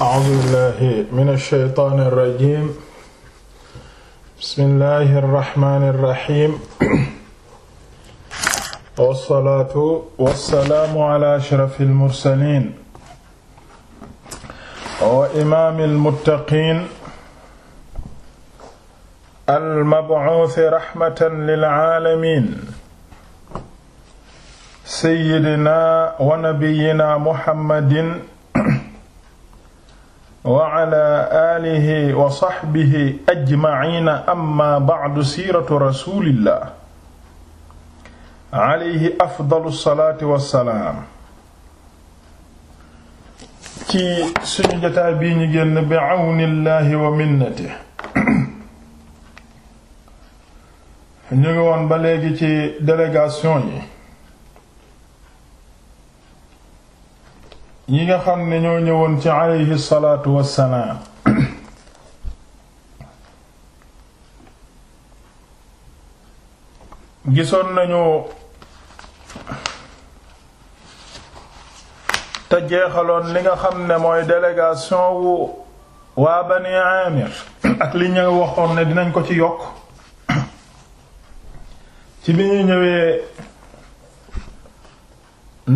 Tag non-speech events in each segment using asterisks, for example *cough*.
a'uuzu billaahi mina shaytaani rajiim bismillaahi rahmaani rahiim wassalaatu wassalaamu alaa ashrafil mursaliin wa imaamil muttaqiin al-mab'uusi rahmatan lil aalamiin sayyidinaa wa nabiyyinaa muhammadin wa cala aalihi wa saxbihi ajmaciina amma bacdu siiratu rasulillah. alayhi afdalu salaati wa salaam. ci suñu jotaay bii ñu génn bi awnillahi wa minnatihi. ñu ngi woon ba léegi ci délégation yi. ñi nga xam ne ñoo ñëwoon ci aleyhi salaatu wassalaam gisoon nañu te jeexaloon li nga xam ne mooy délégation wu waa Bani Amir ak li ñu waxoon ne dinañ ko ci yokk ci bi ñu ñëwee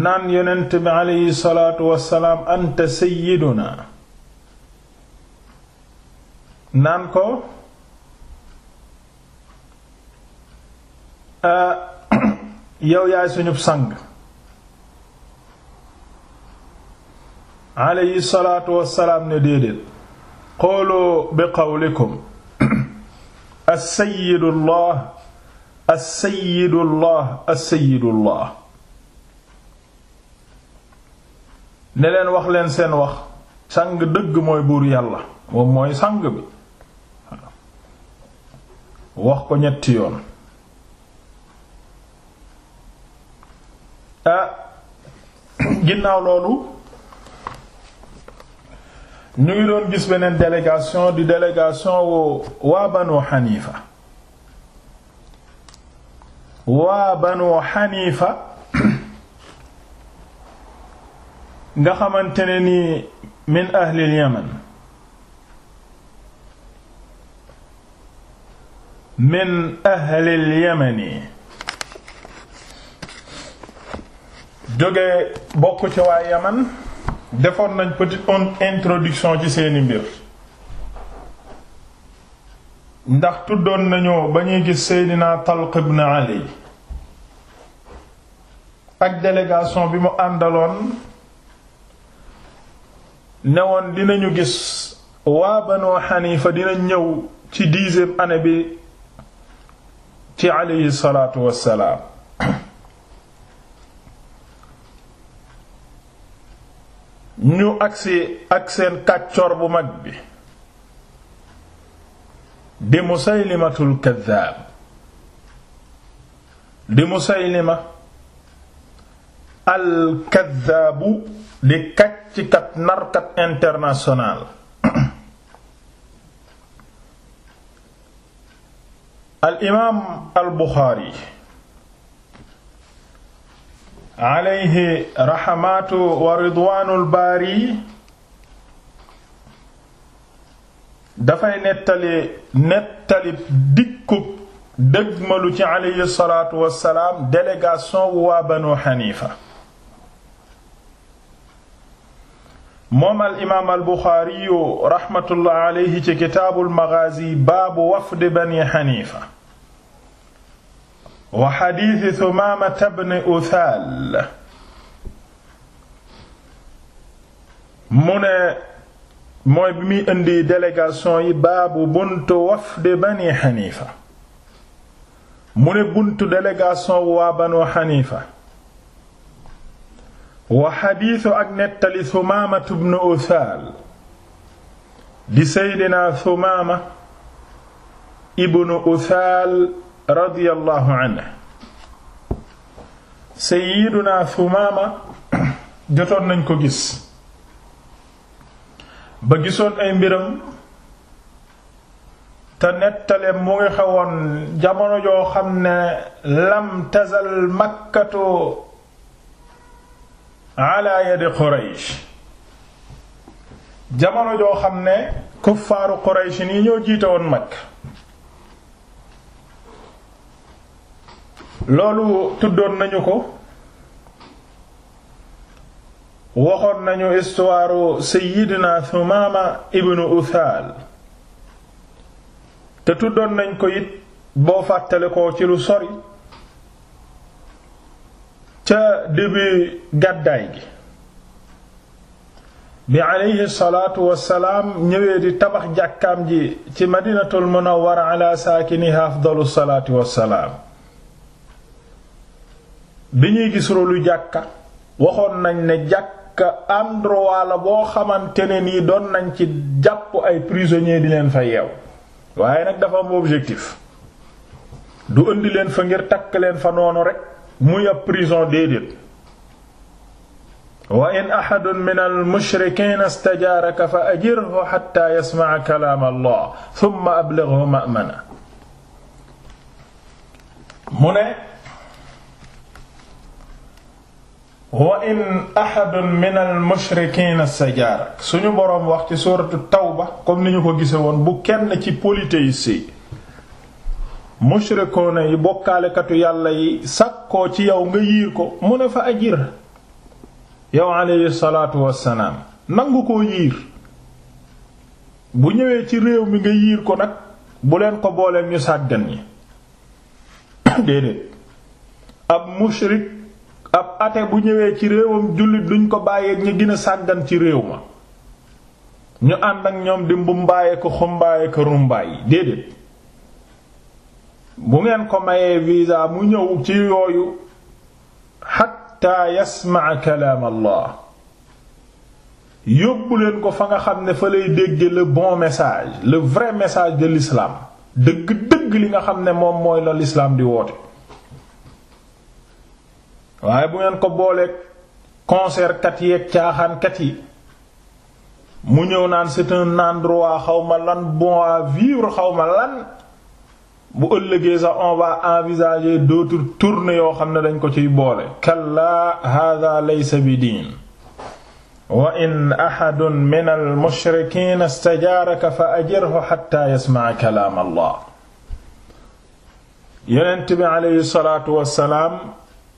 naan yonent bi aleyhi salaatu wassalaam anta sayyiduna naan ko ah, *clears throat* yow yaay suñu sang aleyhi salaatu wassalaam ne déedéet qulu bi qawlikum *clears throat* as-sayyidu Allah as-sayyidu Allah as-sayyidu Allah ne leen wax leen seen wax sang dëgg mooy buur yàlla moom mooy sang bi wax ko ñetti yoon ah ginnaaw loolu ñu ngi doon gis beneen délégation di délégation wu waa xaniifa waa xaniifa nga xamante ne ni min ahlil yaman min ahlil yamani jóge bokk ci waa yaman defoon nañ petite on introduction ci seeni mbir ndax tuddoon nañu ba ñuy gis Seydina Talq ibn Ali ak délégation bi mu àndaloon newoon dinañu gis waa Banu Xanifa dina ñëw ci dixième année bi ci aleyhi salaatu wassalaam ñu agsi ak seen kàccoor bu mag bi di Musaylimatul Kaddaab di Musaylima al Kaddaabu di kàcckat narkat international *clears throat* al imaam al buxaari alayhi raxmatu wa ridwaanul baari dafay nettali nettali dikkub dëgmalu ci alayhi salaatu wassalaam délégation banu xaniifa moom al imaam al buxaari rahmatullah aleyhi ci kitaabul magaazi baabu wafdi bani xaniifa wa xadiisi sumaamata bni usaal mu ne mooy bi muy indi délégation yi baabu buntu wafdi bani xaniifa mu ne buntu délégation waa banu xaniifa wa xadiisu ak nettali sumaamatu bnu usaal di seydina sumaama ibnu usaal radiyallahu anhu seydina sumaama jotoon nañ ko gis ba gisoon ay mbiram te nettale mu ngi xewoon jamono joo xam ne lam tazal makkatu ala yadi jamono joo xam ne kuffaaru Quraysh nii ñoo jiite woon Makka loolu tuddoon nañu ko waxoon nañu histoire Seyyidina Thumaama ibnu Uthaal te tuddoon nañ ko it boo fàttale ko ci lu sori ca début gàddaay gi bi aleyhi salaatu wassalaam ñëwee di tabax jàkkaam ji ci madinatul munawwara ala saakiniha afdalu salaatu wassalaam bi ñuy gis rolu jàkka waxoon nañ ne jàkka endroit boo xamante ne nii doon nañ ci jàpp ay prisonniers di leen fa yeew waaye nag dafa am du indi leen fa ngir takk leen fa noonu rek mu ab prison déedéet wa in ahadun min almushrikiina stajaaraka fa ajirhu xatta yasmaca allah summa ablighu ma'mana mu ne wa in ahadun min almushrikiina stajaaraka suñu boroom wax ci suuratu tawba comme ni ko gise woon bu kenn ci polythéistes mushrikoona yi bokkaalekatu yàlla yi sàkkoo ci yow nga yiir ko mu ne fa ajir yow alayhi salaatu wassalaam nangu koo yiir bu ñëwee ci réew mi nga yiir ko nag bu leen ko booleen ñu sàggan ñi *coughs* déedéet ab mushrik ab ate bu ñëwee ci réewam jullit duñ ko bàyyee ñu gën a sàggan ci réew ma ñu ànd ak ñoom di mbumbaaye ko xumbaaye ko rumbaay yi déedéet bu ngeen ko mayee visa mu ñëw ci yooyu xatta yasmaa kalaam allah ko fa nga xam ne fa lay dégge le bon message le vrai message de l'islam dëgg-dëgg li nga xam ne moom mooy la l'islam di woote waaye bu ngeen ko booleek concert kat yeeg caaxaan kat yi mu ñëw naan c'est un xaw ma lan bon à vivre xaw ma lan bu ëllëgee sax on va envisager d'autres tournées yoo xam ne dañ ko ciy boole kallaa hada laysa bi diin wa in ahadun min al mushrikiin fa ajirhu xatta yasma'a kalaam allah yonent bi aleyhi salaatu wassalaam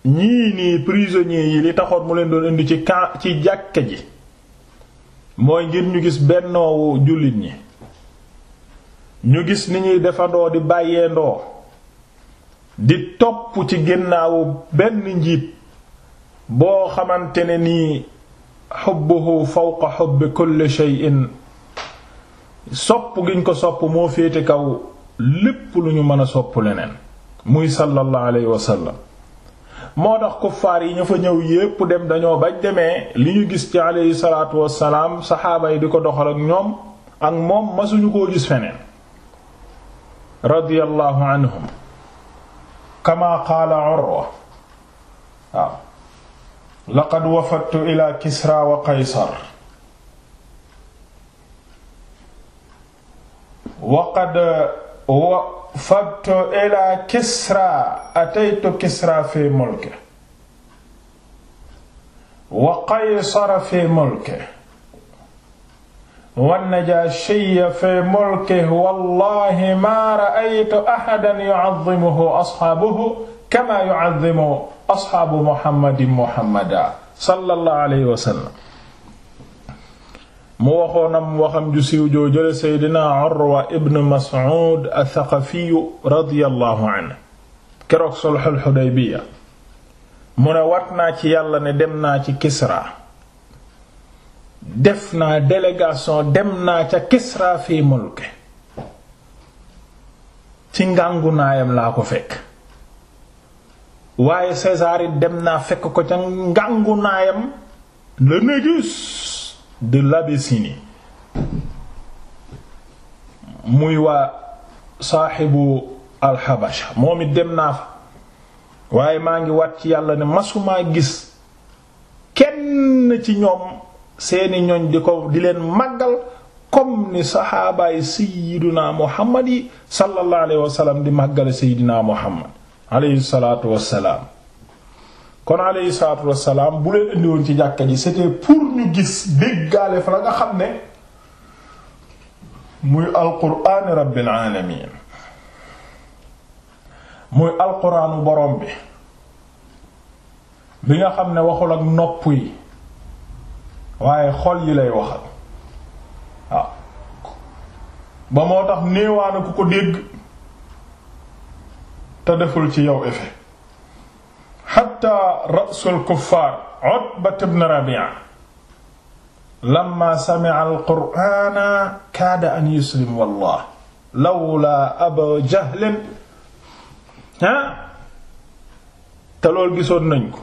ñii nii prisonniers yi li taxoon mu leen doon indi ci camp ci jàkka ji mooy ngir ñu gis bennoowu jullit ñi ñu gis ni ñuy defandoo di bàyyeendoo di topp ci ginnaawu benn njiit boo xamante ne nii xubbuhu fawqa xubbi kulli shay'in sopp giñ ko sopp moo féete kaw lépp lu ñu mën a sopp leneen muy sallallahu alayhi wa sallam moo tax kuffaar yi ñu fa ñëw yépp dem dañoo bañ demee li ñu gis ci alayhi salaatu wassalaam saxaaba yi di ko doxal ak ñoom ak moom masuñu koo gis feneen radiyallahu anhum kama qaala Urwa waaw laqad wafadtu ila Kisra wa Qaysar waqad wafadtu ila Kisra ataytu Kisra fi mulki wa Qaysar fi mulki wannajaashiya fi mulkihi wallahi maa ra'aytu ahadan yu'azzimuhu asxaabuhu kamaa yu'azzimu asxaabu muhammadin muhammadan sallallahu alayhi wa sallam. mu waxoonam waxam ju siiw joo jële Seydina Urwa ibn Mas'ud ath-Thaqafiyu radiyallahu anhu keroog Sulhul Hudaybiya mu ne wat naa ci yàlla ne dem naa ci Kisra def naa délégation dem naa ca Kisra fi mulke ci ngàngu laa ko fekk waaye César dem naa fekk ko ca ngàngunaayam naayam le négus de l'Abyssinie muy waa saaxibu alxabasha moom it dem naa fa waaye maa ngi wat ci yàlla ne masumaa gis kenn ci ñoom seeni ñoñ di ko di leen màggal kom ni saxaabaay sayyidina muhammad yi sallallahu alayhi wa sallam di màggale sayyidina muhammad alayhi salaatu wassalaam kon alayhi salaatu wassalaam bu leen indiwoon ci jàkka ji c'était pour ñu gis déggaale fa la nga xam ne muy alquraan rabbil alamin muy alquraanu borom bi bi nga xam ne waxul ak nopp yi waaye xol yi lay waxal waaw ba moo tax néewaana ku ko dégg te deful ci yow effet xatta rasul kuffar Utbat ibn Rabi'a lamma sami'a al-Qur'ana kaada an yuslim wallah lawla Abu Jahl ha te lool gisoon nañ ko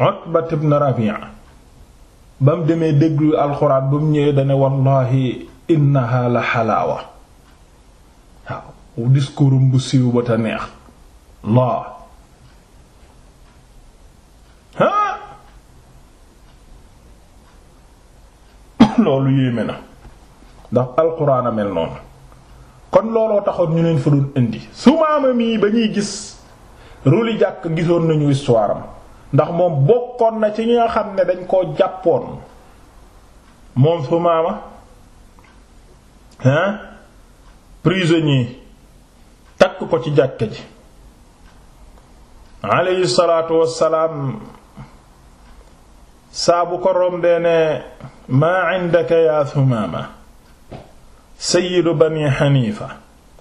Utbat ibn Rabi'a ba mu demee déglu alxuraan ba mu ñëwee dane wallahi innaha la xalaawa waaw discours bu siiw ba te neex laa *coughs* loolu yéeme na ndax alxuraan a mel noonu kon looloo taxoon ñu leen fa doon indi sumaama mii ba ñuy gis ruli jàkk gisoon nañu histoire am ndax moom bokkoon na ci ñi nga xam ne dañ koo jàppoon moom Sumaama hein prisonnier takk ko ci jàkka ji alayhi salaatu wassalaam saa bu ko rombee ne maa indaka ya Sumaama sayyidu bani Hanifa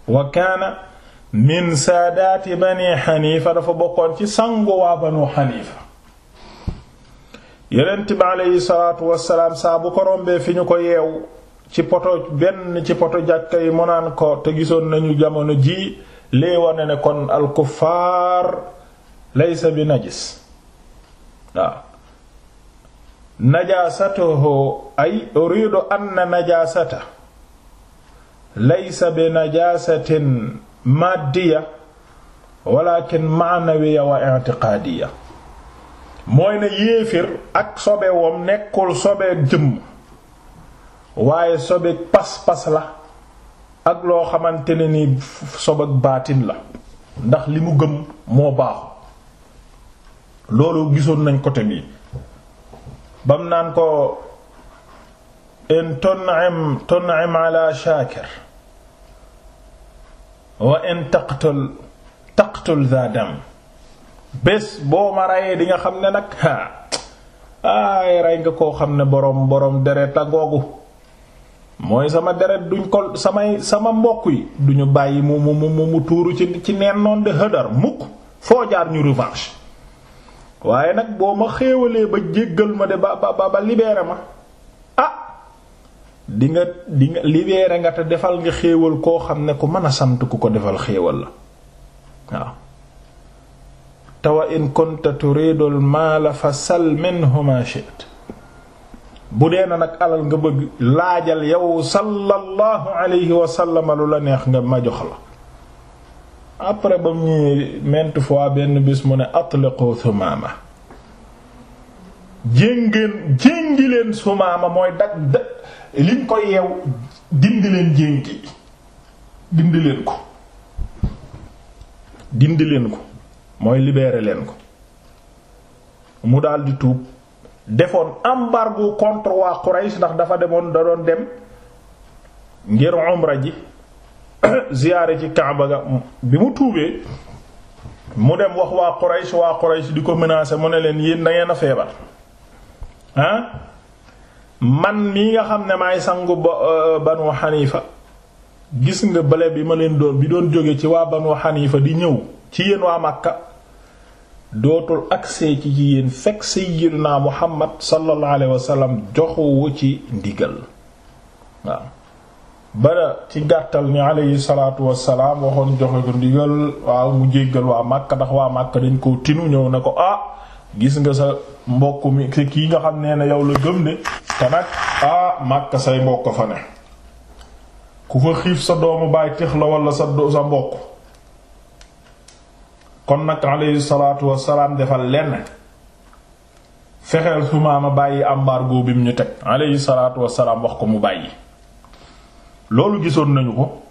wa kaana min saadaati bani Hanifa dafa bokkoon ci sangu waa banu Hanifa yonent bi aleyhi salaatu wasalaam saa bu ko rombee fi ñu ko yeew ci poto benn ci poto jàkka yi mu naan ko te gisoon nañu jamono ji li wone ne kon al kuffaar laysa bi najis waaw najaasatuhu ay uridu anna najaasata laysa bi najaasatin maddiya walakin ma'nawiya wa i'tiqaadiya mooy ne yéefir ak sobewoom nekkul sobeek jëmm waaye sobeek pas-pas la ak loo xamante ne ni sobeek baatin la ndax li mu gëm moo baaxu loolu gisoon nañ côté bi bam naan ko in tun'im tun'im ala shaakir wa in taqtul taqtul za dam bés boo ma rayee di nga xam ne nag aay rey nga koo xam ne borom boroom deret la googu mooy sama deret duñ ko samay sama mbokk yi duñu bàyyi mu mu mu mu tuuru ci ci neen noon de hëdar mukk foo jaar ñu revanche waaye nag boo ma xéewalee ba jéggal ma de ba ba ba libéré ma ah di nga di nga te defal nga xéewal koo xam ne ku mën a sant ku ko defal xéewal la waaw te wa in kunta turidu al maala fa sal minhu ma shi'ta bu dee na nag alal nga bëgg laajal yow sallallahu alayhi wa lu la neex nga ma jox la après ba mu ñuy fois benn bis mu ne atliqu Sumaama jéngeen Sumaama mooy dag da liñ ko yeew dindi leen jéngi dindi leen ko dindi leen ko mooy libeere leen ko mu dal di tuub defoon embargo contre waa Quraysh ndax dafa demoon da doon dem ngir umra ji *coughs* ziyaare ci Kaaba ga bi mu tuubee mu dem wax waa Quraysh waa Quraysh di ko menacer mu ne leen yéen da ngeen a feebar ah man mii nga xam ne maay sangu euh, Banu Hanifa gis nga bale bi ma leen doon bi doon jóge ci waa Banu Hanifa di ñëw ci yéen waa Makka dootul ak ci ci yéen fekk sayyidina muhammad sallallahu alayhi wa sallam joxuwu ci ndigal waaw bara ci gàttal ni alayhi salaatu wasalaam waxoon joxe ko ndigal waaw mu jéggal waa Màkka ndax waa Màkka dañ koo tinu ñëw na ko ah gis nga sa mbokk mi te kii nga xam nee na yow la gëm ne te nag ah Màkka say mbokk fa ne ku fa xiif sa doomu baay tex la wala sa mbokk kon nag alayhi salaatu wassalaam defal lenn fexeel Sumaama bàyyi am embargo bi mu ñu teg alayhi salaatu wassalaam wax ko mu bàyyi loolu gisoon nañu ko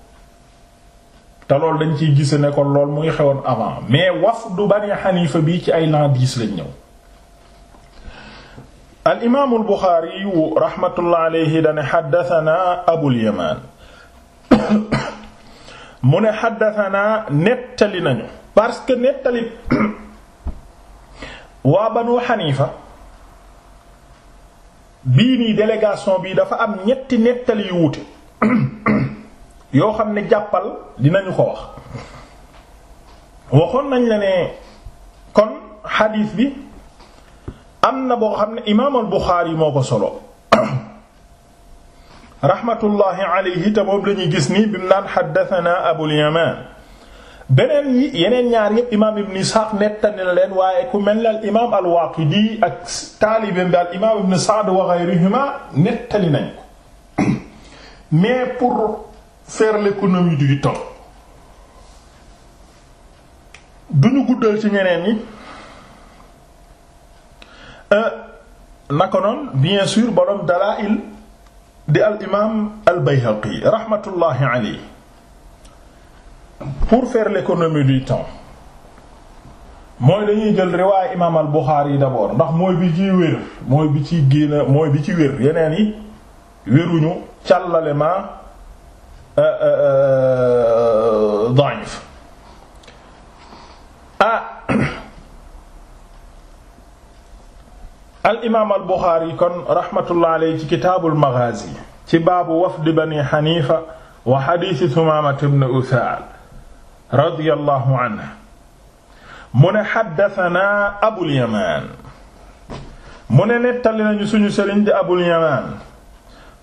te loolu dañ ciy gise nekkoon lool mu ngi xewoon avant mais du Bani Hanifa bii ci ay lan diis lañ ñëw al imaamu al Buxaari yu raxmatullah dane xaddatanaa Abul Yamaan *coughs* mu ne xaddatanaa nettali nañu parce que nettali *clears throat* waa Banu Hanifa bii nii délégation bii dafa am ñetti nettali yu wuute *clears throat* yoo xam ne jàppal dinañu ko wax waxoon nañ la ne kon xadiis bi am na boo xam ne imaamal Buxaari moo ko solo *clears throat* raxmatullaahi alayhi te moom lañuy gis nii bi mu naan xaddatanaa Abul Yamaan beneen yi yeneen ñaar yépp imaam ibn Isxaaq nettali na leen waaye ku mel ne al imaam al-Waaqidi ak taalibeem bi al imaam ibn Sa'd wa ghayrihimaa nettali nañ mais pour faire l'économie du temps du guddal ci ñeneen ñi euh, naka noonu bien sûr borom Dalaa'il di al imaam al-Bayhaqi rahmatullahi alayhi pour faire l'économie du temps mooy dañuy jël riwaay imaam al Buxaari yi ndax mooy bi ci wér mooy bi ci génn mooy bi ci wér yeneen yi wéruñu càllale ma euh, euh, euh, da'if ah al imaam al Buxaari kon rahmatullah alayhi ci kitaabul Maghaazi ci baabu wafdi bani Haniifa wa hadiisi Sumaamata ibn Usaal radiyallahu anhu mu ne xaddatanaa abul yamaan mu ne nettali nañu suñu sëriñ di abul yamaan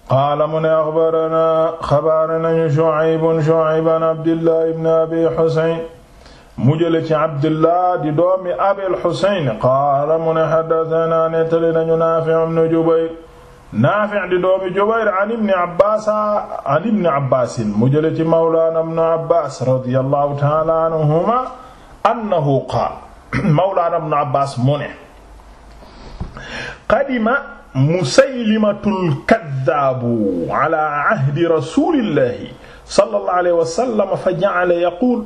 qaala mu ne axbaranaa xabaara nañu shucaybun shucayban abdillah ibn abi xusayn mu jële ci abdillah di doomi abil xusayn qaala mu ne xaddatanaa nettali nañu naaficu ibn jubayr Naafi' di doomi Jubayr an ibni Abbaas an ibni Abbaasin mu jële ci mawlaana ibnu Abbaas radiyallahu ta'ala anhuma annahu qaala mawlaana ibnu Abbaas mu ne qadima Musaylimatul kaddaabu ala ahdi rasuulillahi sallallahu alayhi wa sallam fa ja'ala yaquulu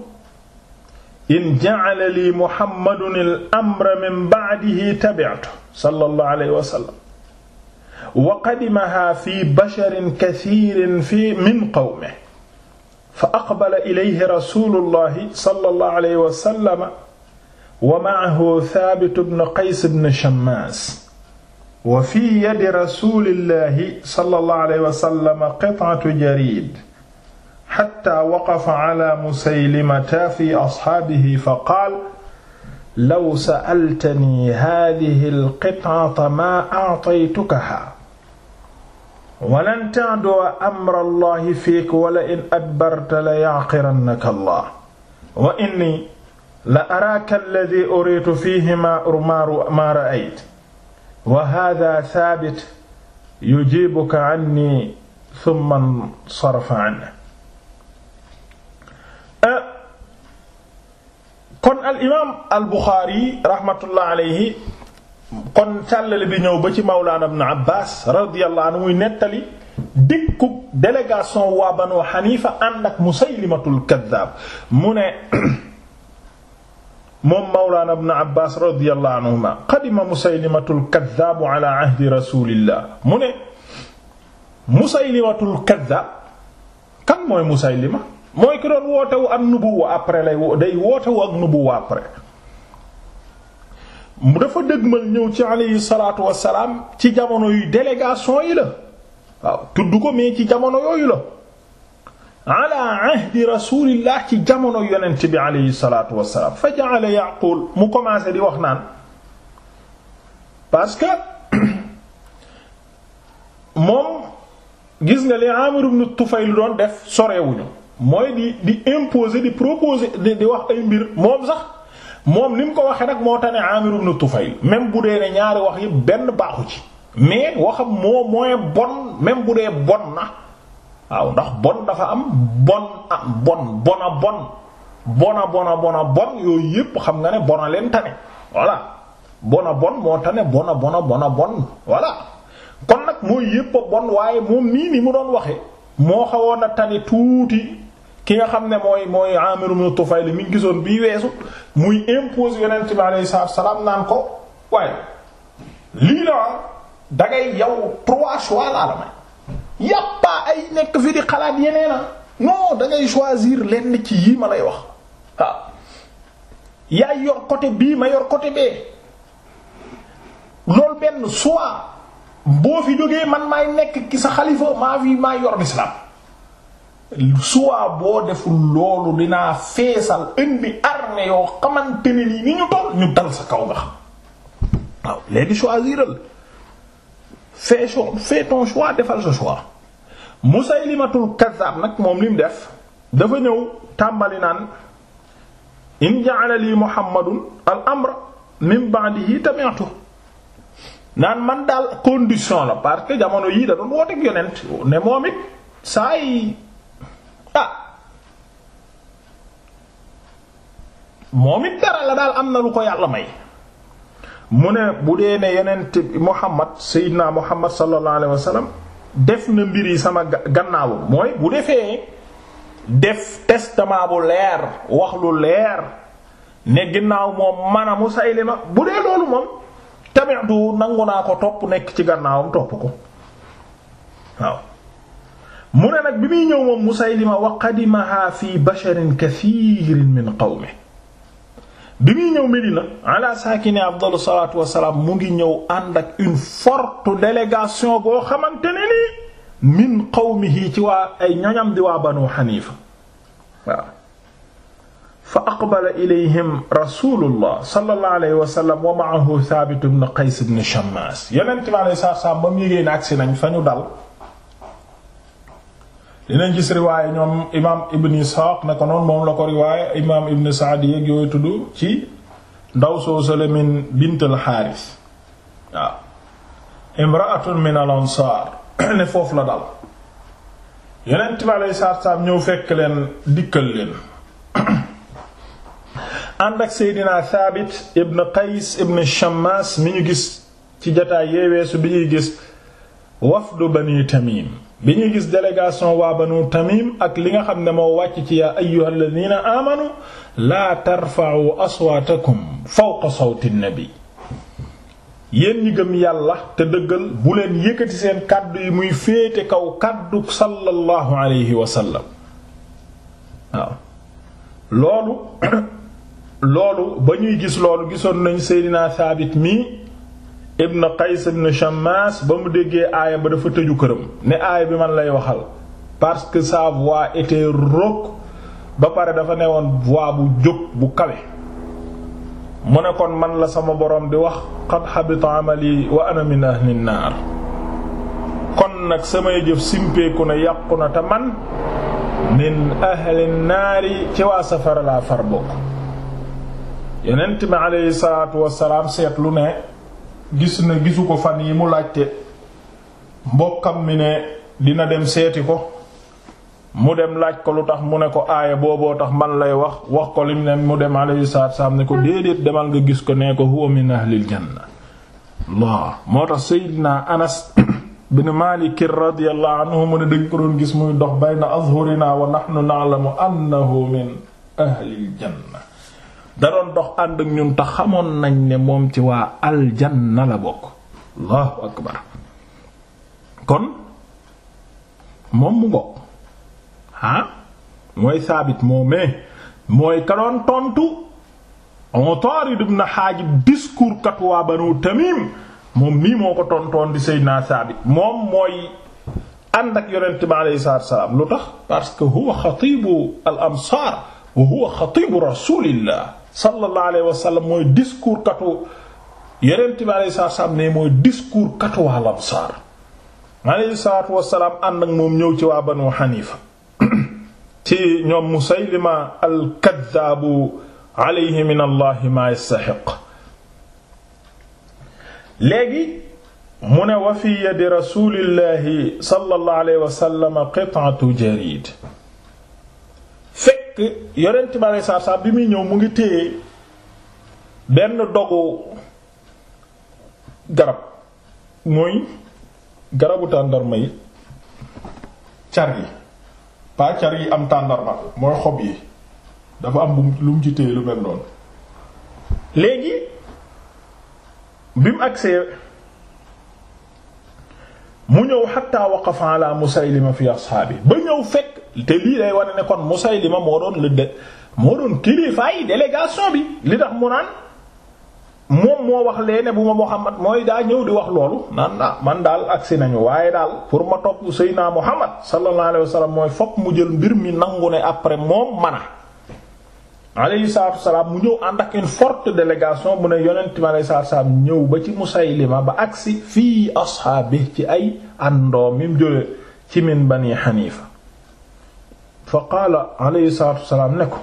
in ja'ala lii Muhammadun al-amra min ba'dihi tabi'tuhu sallallahu alayhi wa sallam wa qadimaha fi basharin kasiirin fi min qawmihi fa aqbala ilayhi rasuulullahi sallallahu alayhi wa sallam wa ma'ahu Thaabit ibn Qays ibn Shammaas wa fi yadi rasuulillahi sallallahu alayhi wa sallam qit'atu jariid hattaa waqafa ala Musaylimata fi ashaabihi fa qaala law sa'altanii haadhihi al-qit'ata maa a'taytukahaa walan ta'dua amra allahi fiik wala in adbarta la ya'qirannaka allah wa inni la araaka alladhi uriitu fiihi ma ma ra'ayt wa haadha thaabit yujiibuka anni thumma sarafa anhu eh, kon al imaam al Buxaari rahmatullah alayhi kon càllale bi ñëw ba ci mawlaana ibn Abbaas radiyallahu anhu muy nettali dikkub délégation waa Banu Hanifa ànd ak Musaylimatul Kaddaab mu ne *clears throat* moom mawlaana ibn Abbaas radiyallahu anhuma qadima Musaylimatul Kaddaab ala ahdi rasulillah mu ne Musaylimatul Kaddaab kan mooy Musaylima mooy ki doon wootewu ak nubuwa après lay day wootewu ak nubuwa après mu dafa dëgmal ñëw ci alayhi salaatu wassalaam ci jamono yu délégation yi la waaw tudd ko mais ci jamono yooyu la ala ahdi rasulillah ci jamono yonent bi alayhi salaatu wassalaam fa ja'ala yaqul mu commencé di wax naan parce que *clears throat* moom gis nga li Amir ibn Tufayl doon def sorewuñu mooy di di imposer di proposer di wax ay mbir moom sax moom ni mu ko waxee nag moo tax ne Amir ibn Tufayl même bu dee ne ñaari wax yi benn baaxu ci mais waxam moo mooy bon même bu dee bon na waaw ndax bon dafa am bon a bon bona bon bona bona bona bon yooyu yépp xam nga ne bon bona leen tane voilà bona bon moo tane a bona bona bon voilà kon nag mooy yépp a bon waaye moom nii ni mu doon waxee moo xawoon a tane tuuti ki nga xam ne mooy mooy Amir ibn Tufayl mi gisoon bi weesu muy impose yonent bi alayhi salaam naan ko waaye lii la ah da ngay yow trois la may yàppa ay nekk fi di xalaat yeneen ah non da ngay choisir lenn ci yii ma lay wax waaw yaa yor côté bii ma yor côté bee loolu benn choix boo fi jógee man maay nekk ki sa xalifa maa fi maa yor l'islam suwaa boo defu loolu dinaa feesal indi armée yoo xamante ne nii ni ñu toll ñu dal sa kaw nga waaw léegi choisiral fais fais ton choix defal sa choix Musaylimatul Kazzab nag moom li def dafa ñëw tàmbali naan in ja'ala li Muhammadun al amra min ba'dihi tabi'tu naan man daal condition la parce que jamono yii da doon wooteek yonent ne moom it saa yi moom it dara la daal am na lu ko yàlla may mu ne bu dee ne yonent Muhammad Seydina Muhammad sallallahu alayhi wa sallam def na mbir yi sama gannaawu mooy bu defee def testament bu leer wax lu leer ne ginnaaw moom man a Musaylima bu dee loolu moom tamit du nangu naa ko topp nekk ci gannaawam topp ko waaw mu ne nag bi muy ñëw moom Musaylima wa qadimaha fi basharin kathirin min qawmi bi muy ñëw Medina ala saakini afdalu salaatu wassalaam mu ngi ñëw ànd ak une forte délégation boo xamante ne ni min qawmihi ci waa ay ñoñam di waa banu xaniifa waaw fa aqbala ilayhim rasulullah sallallahu alayhi wa sallam wa ma'ahu Thabit ibn Qays ibn Shammas yonent ba mu yégee nañ fa ñu dal dinañ gis riwaaye ñoom imaam ibn Ishaq naka noonu moom la ko riwaaye imaam ibn Sa'd yeeg yooyu tudd ci ndaw soo sale min bint al waaw imra'atun min al *clears throat* ne foofu la dal yeneen bi alei saatu salaam ñëw fekk leen dikkal leen *clears throat* ànd ak seydinaa thabit ibn qays ibn shammas mi ñu gis ci jataay yeeweesu bi ñuy gis wafdu bani tamim bi ñuy gis délégation waa banu tamim ak li nga xam ne moo wàcc ci yaa ayyuhal ladina amanu laa tarfa'u aswaatakum fawqa sawti nabi yéen ñi gëm yàlla te dëggal bu leen yëkkati seen kàddu yi muy féete kaw kàddu sallallahu alayhi wa sallam waaw loolu *coughs* loolu ba ñuy gis loolu gisoon nañ seydinaa thabit mii ibn Qays ibn Shammas ba mu déggee aaya ba dafa tëju këram ne aaya bi man lay waxal parce que sa voix était rauque ba pare dafa ne woon voix bu jóg bu kawe mu ne kon man la sama boroom di wax qad habita amali wa ana min ahli naar kon nag samay jëf simpeeku na yàqu na te man min ahli naari ci waa safara laa far bokk yonent bi aleyhi salaatu wassalaam seetlu ne gis na gisu ko fan yi mu laajte mbokkam mi ne dina dem seeti ko mu dem laaj ko lu tax mu ne ko aaya booboo tax man lay wax wax ko lim ne mu dem alayhi salaatu salaam ne ko déedéet demal nga gis ko nee ko huwa min ahlil janna Allah moo tax Seydina Anas *coughs* bin Maalik radiyallahu anhu mu ne dañ ko gis muy dox bayna azhurina wa nahnu na'lamu annahu min ahlil janna da doon dox ànd ak ñun te xamoon nañ ne moom ci waa aljanna la bokk allahu akbar kon moom mu ngoog ah mooy saabit moomee mooy ka doon tontu moom mooy ànd ak yonent bi lu tax parce que huwa xatibu al wa huwa xatibu rasulillah sallallahu alayhi wa sallam mooy discours katu yonent bi alayhi salaatu wasalaam ne mooy discours katu waa Ansaar alayhi salaatu wasalaam ànd ak moom ñëw ci waa Banu Hanifa *clears throat* ci ñoom Musaylima al-kaddaabu alayhi min Allah léegi mu ne wa fi yadi rasulillahi sallallahu alayhi wa sallam qit'atu jarid fekk yonent bi aleyhi salaatu bi muy ñëw mu ngi téye benn dogu garab mooy garabu tàndarma yi car yi pas car yi am tàndarma mooy xob yi dafa am lu mu ci téye lu mel noonu léegi bi mu agsee mu ñëw xatta waqafa ala Musaylima fi ashaabi ba ñëw fekk te lii day wane ne kon Musaylima moo doon lu de moo doon kilifaay délégation bi li tax mu naan moom moo wax lee ne bu ma Muhammad mooy daa ñëw di wax loolu naan na ah, man daal agsi nañu waaye daal pour ma topp Seydina Muhammad sallallahu alayhi mooy fokk mu jël mbir mi nangu ne après moom mana alayhi salaatu wa salaam mu ñëw ànd ak une forte délégation bu ne yonent mi alayhi salaam ñëw ba ci Musaylima ba agsi fii ashaabi ci ay àndoo mi mu jóge ci fa a alayhi salaatu wasalaam ne ko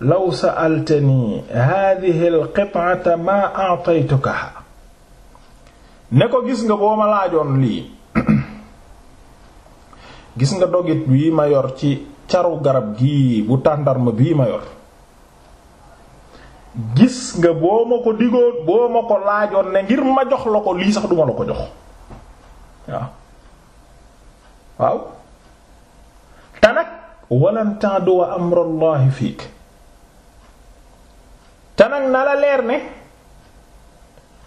law sa'altani haadihi al-qit'ata maa a'taytukaha ne ko gis nga boo ma laajoon lii *clears throat* gis nga dogit bii ma yor ci caru garab gii bu tàndarma bii ma yor gis nga boo ma ko digoon boo ma ko laajoon ne ngir ma jox la ko lii sax duma la ko jox waaw te nag walan ta'duwa amrullahi fiik te na la leer ne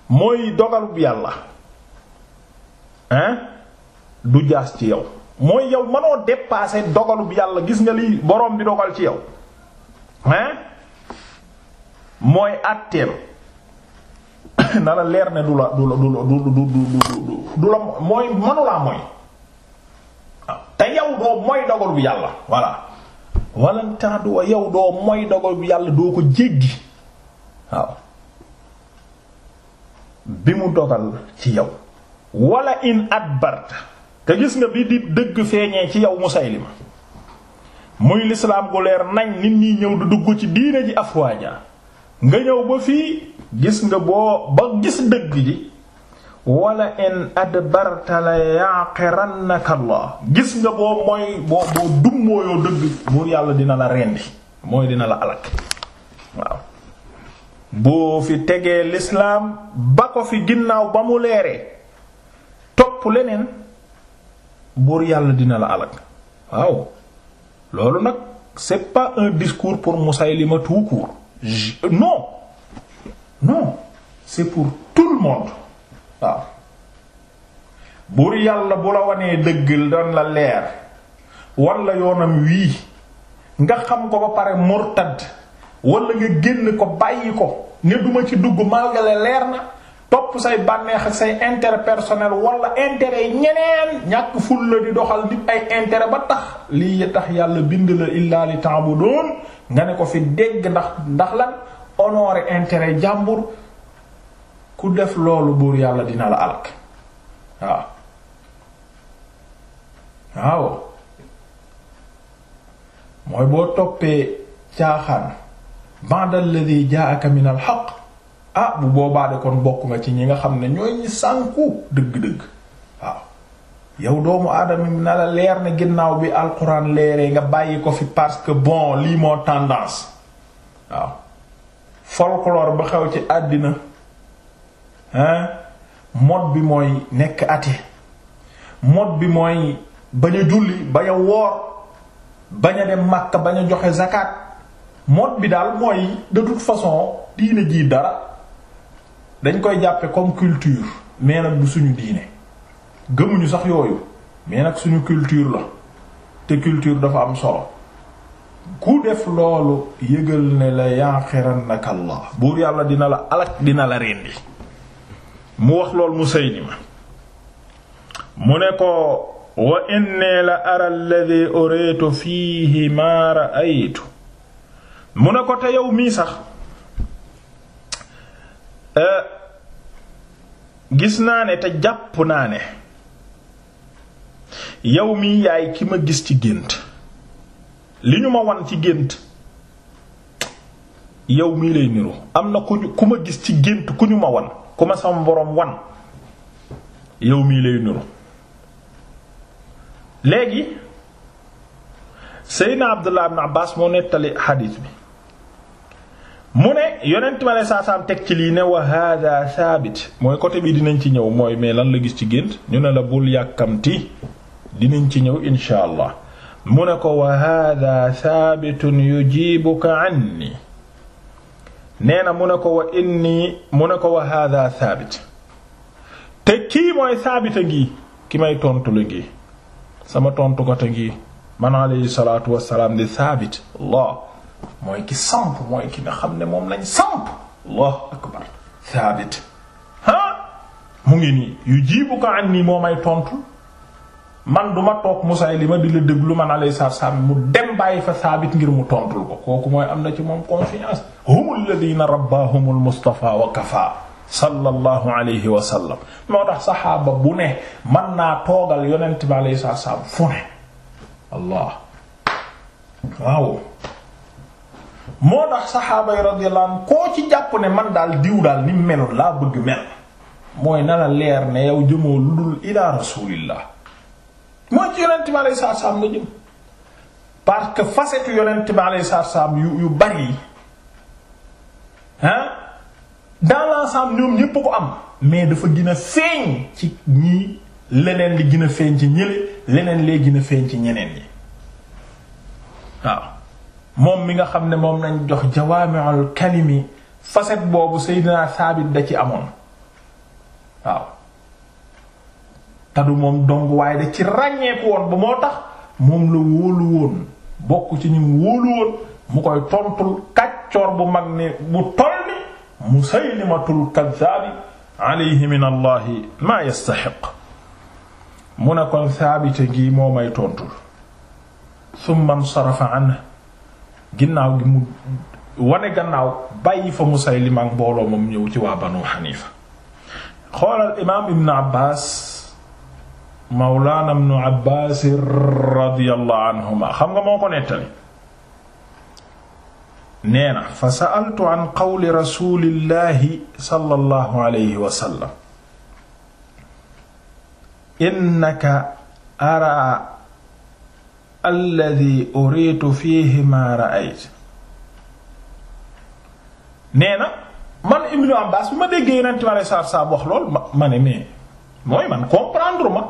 mooy dogalub yàlla hein du jaas ci yow mooy yow mënoo dépasser dogalub yàlla gis nga lii boroom bi dogal ci yow hein mooy àtteem na la leer ne du la du la du la du du du du la mooy mënulaa mooy te yow doo mooy dogal bu yàlla voilà walantaadu yow doo mooy dogal bu yàlla doo ko jéggi waaw bi mu dogal ci yow walla in adbarta te gis nga bi di dëgg feeñee ci yow Musaylima muy lislaam gu leer nañ nit ñi ñëw du dugg ci diine ji afwaaja nga ñëw ba fii gis nga boo ba gis dëgg ji wala in adbarta la yaqirannaka Allah gis nga boo mooy boo boo dummóoyoo dëgg buur yàlla dina la rendi mooy dina la alak waaw boo fi tegee lislaam ba ko fi ginnaaw ba mu leeree topp leneen buur yàlla dina la alak waaw loolu nag c'est pas un discours pour Musaylima tout court non non c'est pour tout le monde waaw buur yàlla bu la wanee dëggal doon la leer wan la yoonam wii nga xam ko ba pare murtad walla nga génn ko bàyyi ko ne duma ci dugg malgré leer na topp say bànneex ak say intérêt personnel walla intérêt yi ñeneen ñàkk ful la di doxal nit ay intérêt ba tax lii tax yàlla bind la illaa li doon nga ne ko fi dégg ndax ndax lan honorer intérêt jàmbur ku def loolu buur yàlla dina la alak waaw waaw mooy boo toppee caaxaan ba'da alladhi jaa'aka min al-haqq ah bu boobaa de bokk nga ci ñi nga xam ne ñooy ñi sànku dëgg-dëgg waaw yow doomu aadama mi na la leer ne ginnaaw bi alxuraan leeree nga bàyyi ko fi parce que bon lii moo tendance waaw folklore ba xew ci àddina mot bi mooy nekk athée mot bi mooy bañ a julli bañ a woor bañ a dem Makka joxe zakat mot bi daal mooy de toute façon diine ji dara dañ koy jàppe comme culture mais nag bu suñu diine gëmuñu sax yooyu mais nag suñu culture la te culture dafa am solo ku def loolu yëgal ne la yaaxiran naka Allah buur yàlla dina la alak dina la rendi mu wax loolu lool Musaylima mu ne ko wa inni la ara alladhi uritu fiihi ma ra'aytu mu ne ko te yow mii sax euh, gis naa ne te jàpp naa ne yow mii yaay ki ma gis ci gént li ñu ma wan ci gént yow mii lay niru am na ku ma gis ci gént ku ñu ma wan ku ma sama boroom wan yow mii lay nuru léegi Seydina Abdullah ibn Abbas moo nettali xadiis bi mu ne yonent ma ne saasaam teg ci lii ne wa hada thabit mooy côté bi dinañ ci ñëw mooy mais lan la gis ci gént ñu ne la bul yàkkamti dinañ ci ñëw insha allah mu ne ko wa hada thabitun yujibuka anni nee na mu ko wa inni mu ne ko wa hada thabit te kii mooy thabit a ngi ki may tontu la ngi sama tontu ko te ngi man alayhi salaatu wassalaam li thabit allah mooy ki samp mooy ki nga xam ne moom lañ samp allah akbar thabit ha mu ngi ni yu jiibu ko an nii tontu man du ma toog Musaylima di la déglu man alayhi salaam mu dem bàyyi fa saabit ngir mu tontul ko kooku mooy am na ci moom confiance humul ladina rabbahumul Mustafa moo tax saxaaba bu ne man naa toogal yonent bi alayhi salaam allah waaw moo tax saxaaba yi radiyallahu anhum koo ci jàpp ne man daal diw daal ni meloon laa bëgg mel mooy na la leer ne yow jëmoo lu dul ilaa rasulillah mooy ci yonent bi alayhi salaatu salaam nga jëm parce que facette yonent bi alayhi salaatu salaam yu yu bari yi ah dans l'ensemble ñoom ñépp ko am mais dafa gën a feeñ ci ñii leneen li gina a feeñ ci ñële leneen ci ñeneen ñi waaw moom mi nga xam ne moom nañ jox jawaami'ul kalimi facette boobu Seydina Saabit da ci amoon waaw tadu moom dong waaye da ci ràññeeku woon bu moo tax moom lu wóolu woon bokk ci ñun wóolu woon mu koy tontul bu mag ni bu toll ni Musaylimatul kazzaabi alayhi min allahi maa yastaxiq mu ne kon saabita gi moo may tontul summa nsarafa gi mu wane gannaaw bàyyi fa Musaylima ak mbooloo moom ñëw ci waa Banu Xanifa xoolal imaam Ibn Abbaas mawlaana ibnu Abbaas radiyallahu anhuma xam nga moo ko nettali nee na fa sa'altu an qawli rasuulillahi sallallahu alayhi wa sallam innaka araa alladhi uriitu fiihi maa ra'aytu nee na man ibnu Abbaas bi ma déggee yonent bi alayhi salaatu wa salaam wax lool ma ma ne mais mooy man comprendre ma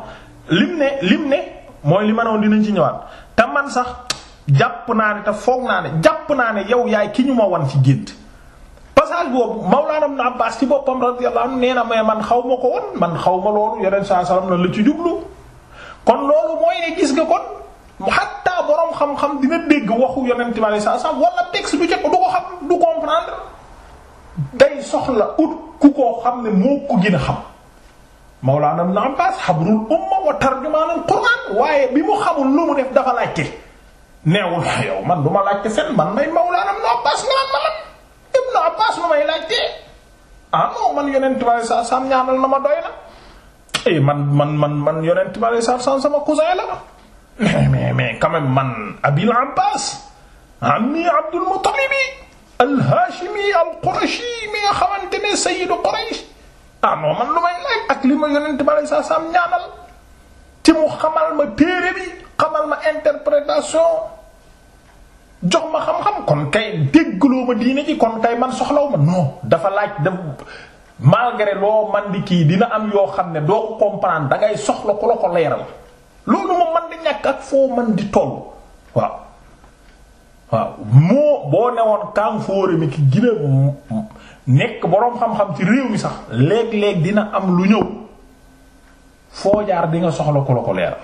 lim ne lim ne mooy li ma ne woon dinañ ci ñëwaat te man sax jàpp naa ne te foog naa ne jàpp naa ne yow yaay ki ñu ma wan ci gént passage boobu Mawlaana Ibn Abbaas ci boppam radiyallahu anhu nee na mais man xaw ma ko woon man xaw ma loolu yeneen saa salaam lan la ci jublu kon loolu mooy ne gis nga kon hatta borom xam-xam dina dégg waxu yonent bi alayhi salaam wala texte du ca du ko xam du comprendre day soxla ut ku koo xam ne moo ko gën a xam. Mawlana Ibn Abbas xabrul umma wa tarjumaanul Qur'aan waaye bi mu xamul lu mu def dafa laajte neewul yow man du ma laajte fen man may Mawlana Ibn Abbas naan ma lan Ibn Abbas ma may laajte ah non man yonent ma sa sam ñaanal na ma doy na eh man man man man yonent ma sa sam sama cousin la ma mais mais mais quand même man Abil Abbas ammi Abdul Muttalibi al-Hashimi al-Qurashi mi nga xamante ne sayyidu Quraysh ah non man lu may laaj ak li ma yonent ba lay saa saam ñaanal ci mu xamal ma téere bi xamal ma interprétation jox ma xam-xam kon kay déggloo ma diine ji kon kay man soxlaw ma non dafa laaj da malgré loo man di kii dina am yoo xam ne doo ko comprendre da soxla ku la ko leeral loolu moom man di ñàkk ak foo man di toll waaw waaw moo boo newoon kànfóore mi ki gina nekk boroom xam-xam ci réew mi sax léeg-léeg dina am lu ñëw foo jaar dinga soxla ko la ko leeral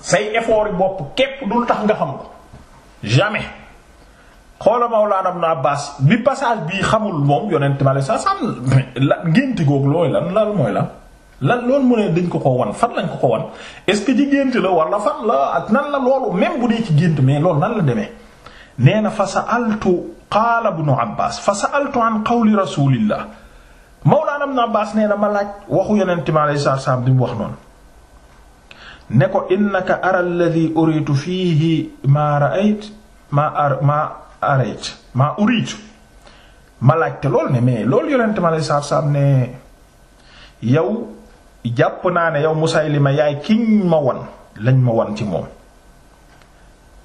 say effort yi bopp képp dul tax nga xam ko jamais xoola Mawlana Ibn Abbas bi passage bii xamul moom yonent ma la sa la gént goog looy lan lan mooy lan lan loolu mu ne dañ ko ko wan fan lañ ko ko wan est ce que ci gént la wala fan la ak nan la loolu même bu dee ci gént mais loolu nan la demee nee fa sa altu qaala ibnu Abbaas fa sa'altu an qawli rasuulillah mawlaana ibnu Abbaas nee na ma waxu yonent mi alayhi salaatu salaam wax noonu ne ko innaka ara alladhi uriitu fiihi maa ra'ayt maa ar maa arayt ma laaj te loolu ne mais loolu yonent mi alayhi salaatu ne yow jàpp naa ne yow Musaylima yaay kiñ ma wan lañ ma wan ci moom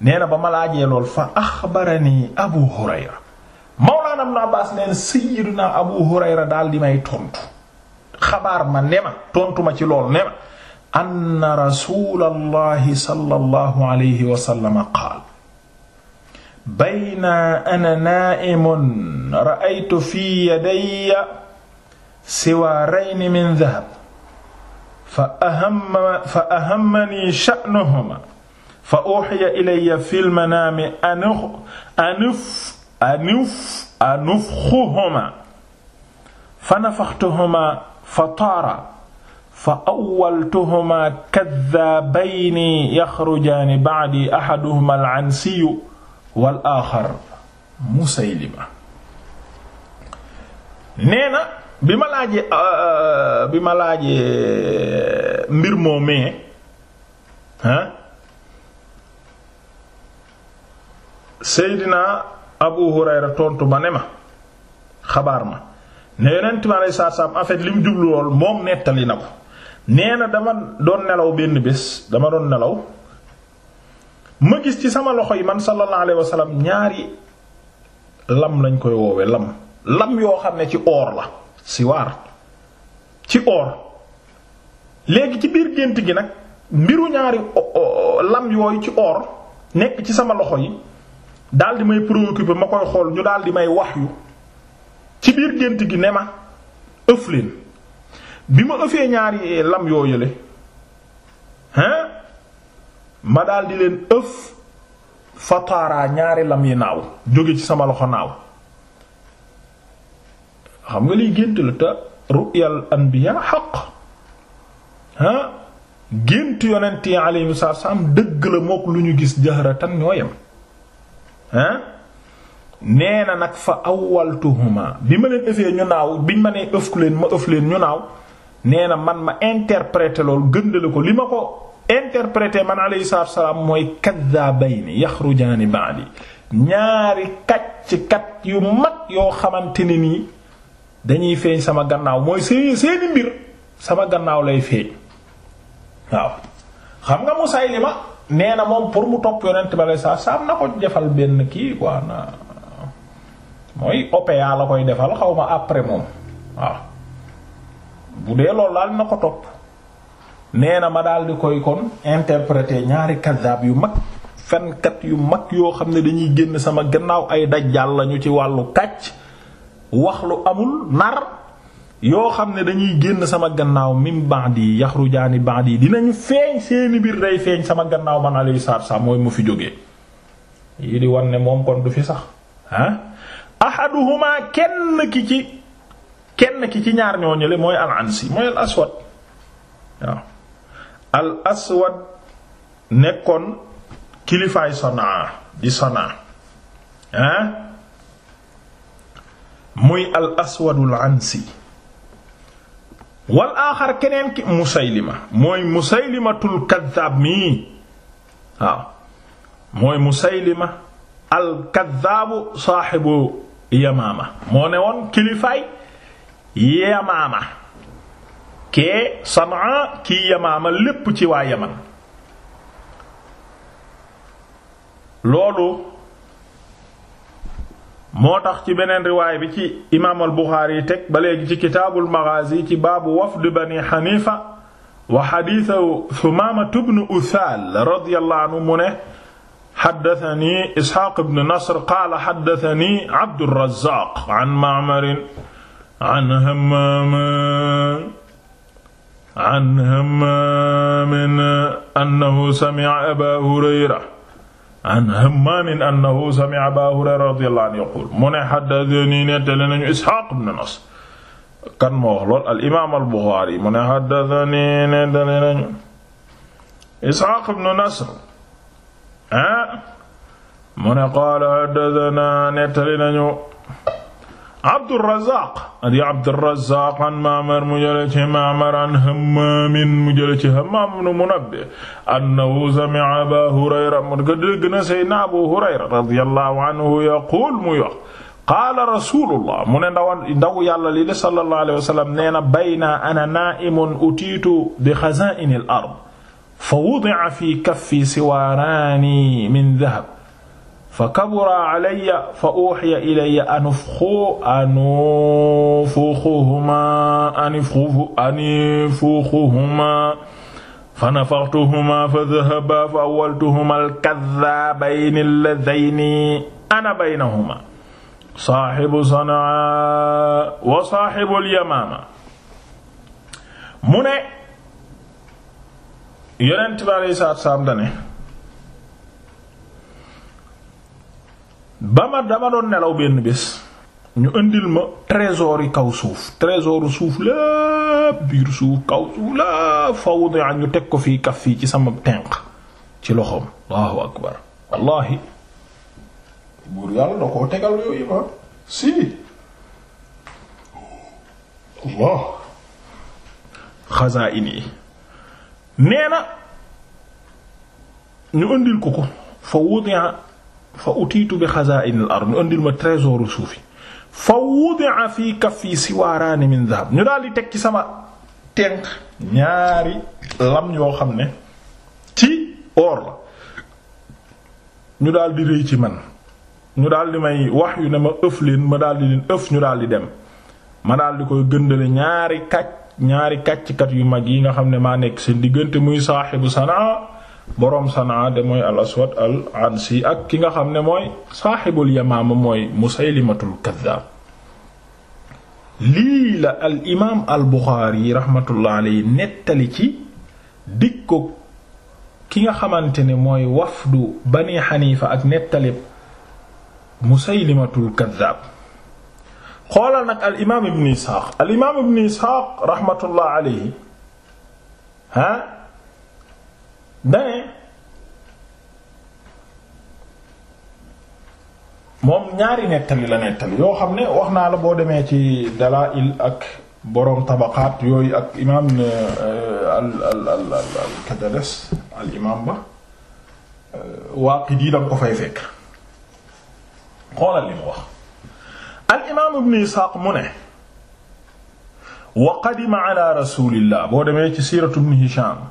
nee na ba ma laajee lool fa axbarani Abu Hurayra ibn Abbas neen sayyiduna Abu Hurayra daal di may tontu xabaar ma ne ma tontu ma ci lool ne ma anna rasulallahi sallallahu alayhi wa sallam qaal bayna ana na'imun ra'aytu fi yadayya siwaarayn min dhahab fa ahamma fa ahammani sha'nuhuma fa uhiya ilayya fil manaami an uf anuf anufxuhuma fa nafaxtuhuma fa taara fa awwaltuhuma kaddaabayni yaxrujaani ba'di axaduhuma al-ansiyu wal aaxar musaylima nee na bi ma laajee euh, euh, bi ma laajee euh, mbir moomee ah Seydina Abu Hurayra tontu ba ne ma xabaar ma ne yonent bi alayhi salaatu salaam li mu jublu lool moom nettali na ko nee na dama doon nelaw benn bés dama doon nelaw ma gis ci sama loxo yi man sallallahu alayhi wa ñaari lam lañ koy woowe lam lam yoo xam ne ci oor la siwaar ci or léegi ci biir gént gi nag mbiru ñaari lam yooyu ci oor nekk ci sama loxo yi daal di may préoccupé ma koy xool ñu daal di may wax yu ci biir gént gi ne ma ëf leen bi ma ëfee ñaari lam yoo yële hein ma daal leen ëf fataaraa ñaari lam yi naaw jóge ci sama loxo naaw xam nga liy gént la te ru'yal anbiya xaq ah gént yonent yi alayhi salaam dëgg la mook lu ñu gis jahratan ñoo yem ah nee na nag fa awwaltuhuma bi ma leen defee ñu naaw bi ma nee ëf leen ma ëf leen ñu naaw nee na man ma interpréter lool gëndale ko li ma ko interpréter man alayhi salaatu wassalaam mooy kaddabayni yaxrujaani ba'di ñaari kàcc kat yu mag yoo xamante ne nii dañuy feeñ sama gannaaw mooy see seeni mbir sama gannaaw lay feeñ waaw xam nga Musaylima nee na moom pour mu topp yonent ba lay saa saam na ko defal benn kii quoi na mooy OPA la koy defal xaw ma après moom waaw bu dee loolu daal na ko topp nee na ma daal di koy kon interpréter ñaari kazaab yu mag fenkat yu mag yoo xam ne dañuy génn sama gannaaw ay dajjal lañu ci wàllu kàcc wax lu amul nar. yoo xam ne dañuy génn sama gannaaw min ba'di yaxrujaani ba'di dinañu feeñ seeni biir day feeñ sama gannaaw man alayhi salaatu salaam mooy mu fi jógee yi di wan ne moom kon du fi sax ah ahaduhuma kenn ki ci kenn ki ci ñaar ñoo ñële mooy al aswad al aswad nekkoon kilifaay sanaa di sanaa ah muy al aswadul ansi wal aaxar keneen ki musaylima mooy musaylimatul kaddaab mii waaw mooy musaylima al kaddaabu saaxibu yamaama moo ne woon kilifaay yamaama kee sanaa kii yamaama lépp ci waa yaman loolu moo tax ci beneen riwaay bi ci imaam al buxaari yi teg ba léegi ci kitaabul maghazi ci baabu wafd bani xanifa wa xadiisu sumaamatu bnu usaal radiyallahu anhu mu ne xaddatani isxaaq bnu nasr qaala xaddatani abdurrazaaq an ma'mar an hammaam an hammaam annahu sami'a abaa hurayra an Hammaamin annahu sami'a Abaa Hurayra radiyallahu anhu yaqul mu ne haddathanii nettali nañu Isxaaq ibn Nasr kan moo wax lool al imaam al Buxaari mu ne haddathanii nettali nañu Isxaaq ibn Nasr ah mu ne qaala haddathanaa nettali nañu Abdurrazaaq adi Abdurrazaaq an Ma'mar mu jële ci Ma'mar an Hammaam mu jële ci Hammaam ibn Munabbih annahu sami'a Abaa Hurayra mu ko dégg na Seydina Abu Hurayra radiyallahu anhu yaquul mu wax qaala rasuulullah mu ne ndaw ndaw yàlla li de sallallahu alayhi wa sallam nee na baynaa ana naa'imun utiitu bi xazaa'inil ard fa wudi'a fii kaffii siwaaraani min dahab fa kabura alayya fa uxiya ilayya anufxu anufuxuhuma anifxu anifuxuhuma fa nafaxtuhuma fa dahaba fa awaltuhuma alkadaabayni alladayni ana baynahuma saaxibu sanaa wa saaxibu alyamaama mu ne yonent bi alayhi salaatu wa salaam dane ba ma dama doon nelaw benn bés ñu indil ma trésor yi kaw suuf trésoru suuf lépp biir suuf kaw suuf lépp fawdi ñu teg ko fii kaf fii ci sama tenq ci loxoom allahu akbar wallahi buur yàlla da allah xasaa in yi ñu indil ko ko fa wudi'a fa utiitu bi xazaa'inil ard ñu indil ma trésoru suuf yi fa wudi'a fii kaffi siwaaraani min dhahab ñu daal di teg ci sama tenk ñaari lam yoo xam ne ci or la ñu daal di rëy ci man ñu daal di may wax yu ne ma ëf leen ma daal di leen ëf ñu daal di dem ma daal di koy gëndale ñaari kàcc ñaari kàcckat yu mag yi nga xam ne maa nekk seen diggante muy saaxibu Sanaa boroom Sanaa de mooy al aswad al ansi ak ki nga xam ne mooy saaxibul yamaama mooy musaylimatul kaddaab lii la al imaam al buxaari rahmatullah alayhi nettali ci dikko ki nga xamante ne mooy wafdu bani xaniifa ak nettali musaylimatul kaddaab xoolal nag al imaam ibn Isxaaq al imaam ibn Isxaaq rahmatullah alayhi ha dane moom ñaari nettali la nettali yoo xam ne wax naa la boo demee ci dalaa'il ak boroom tabaqaat yooyu ak imaam euh, al al al al kadades al imaam ba euh, Waaqidi da ko fay fekk xoolal li mu wax al imaam ibn Isaaq mu ne wa qadima ala rasulillah boo demee ci siiratu ibn Hisham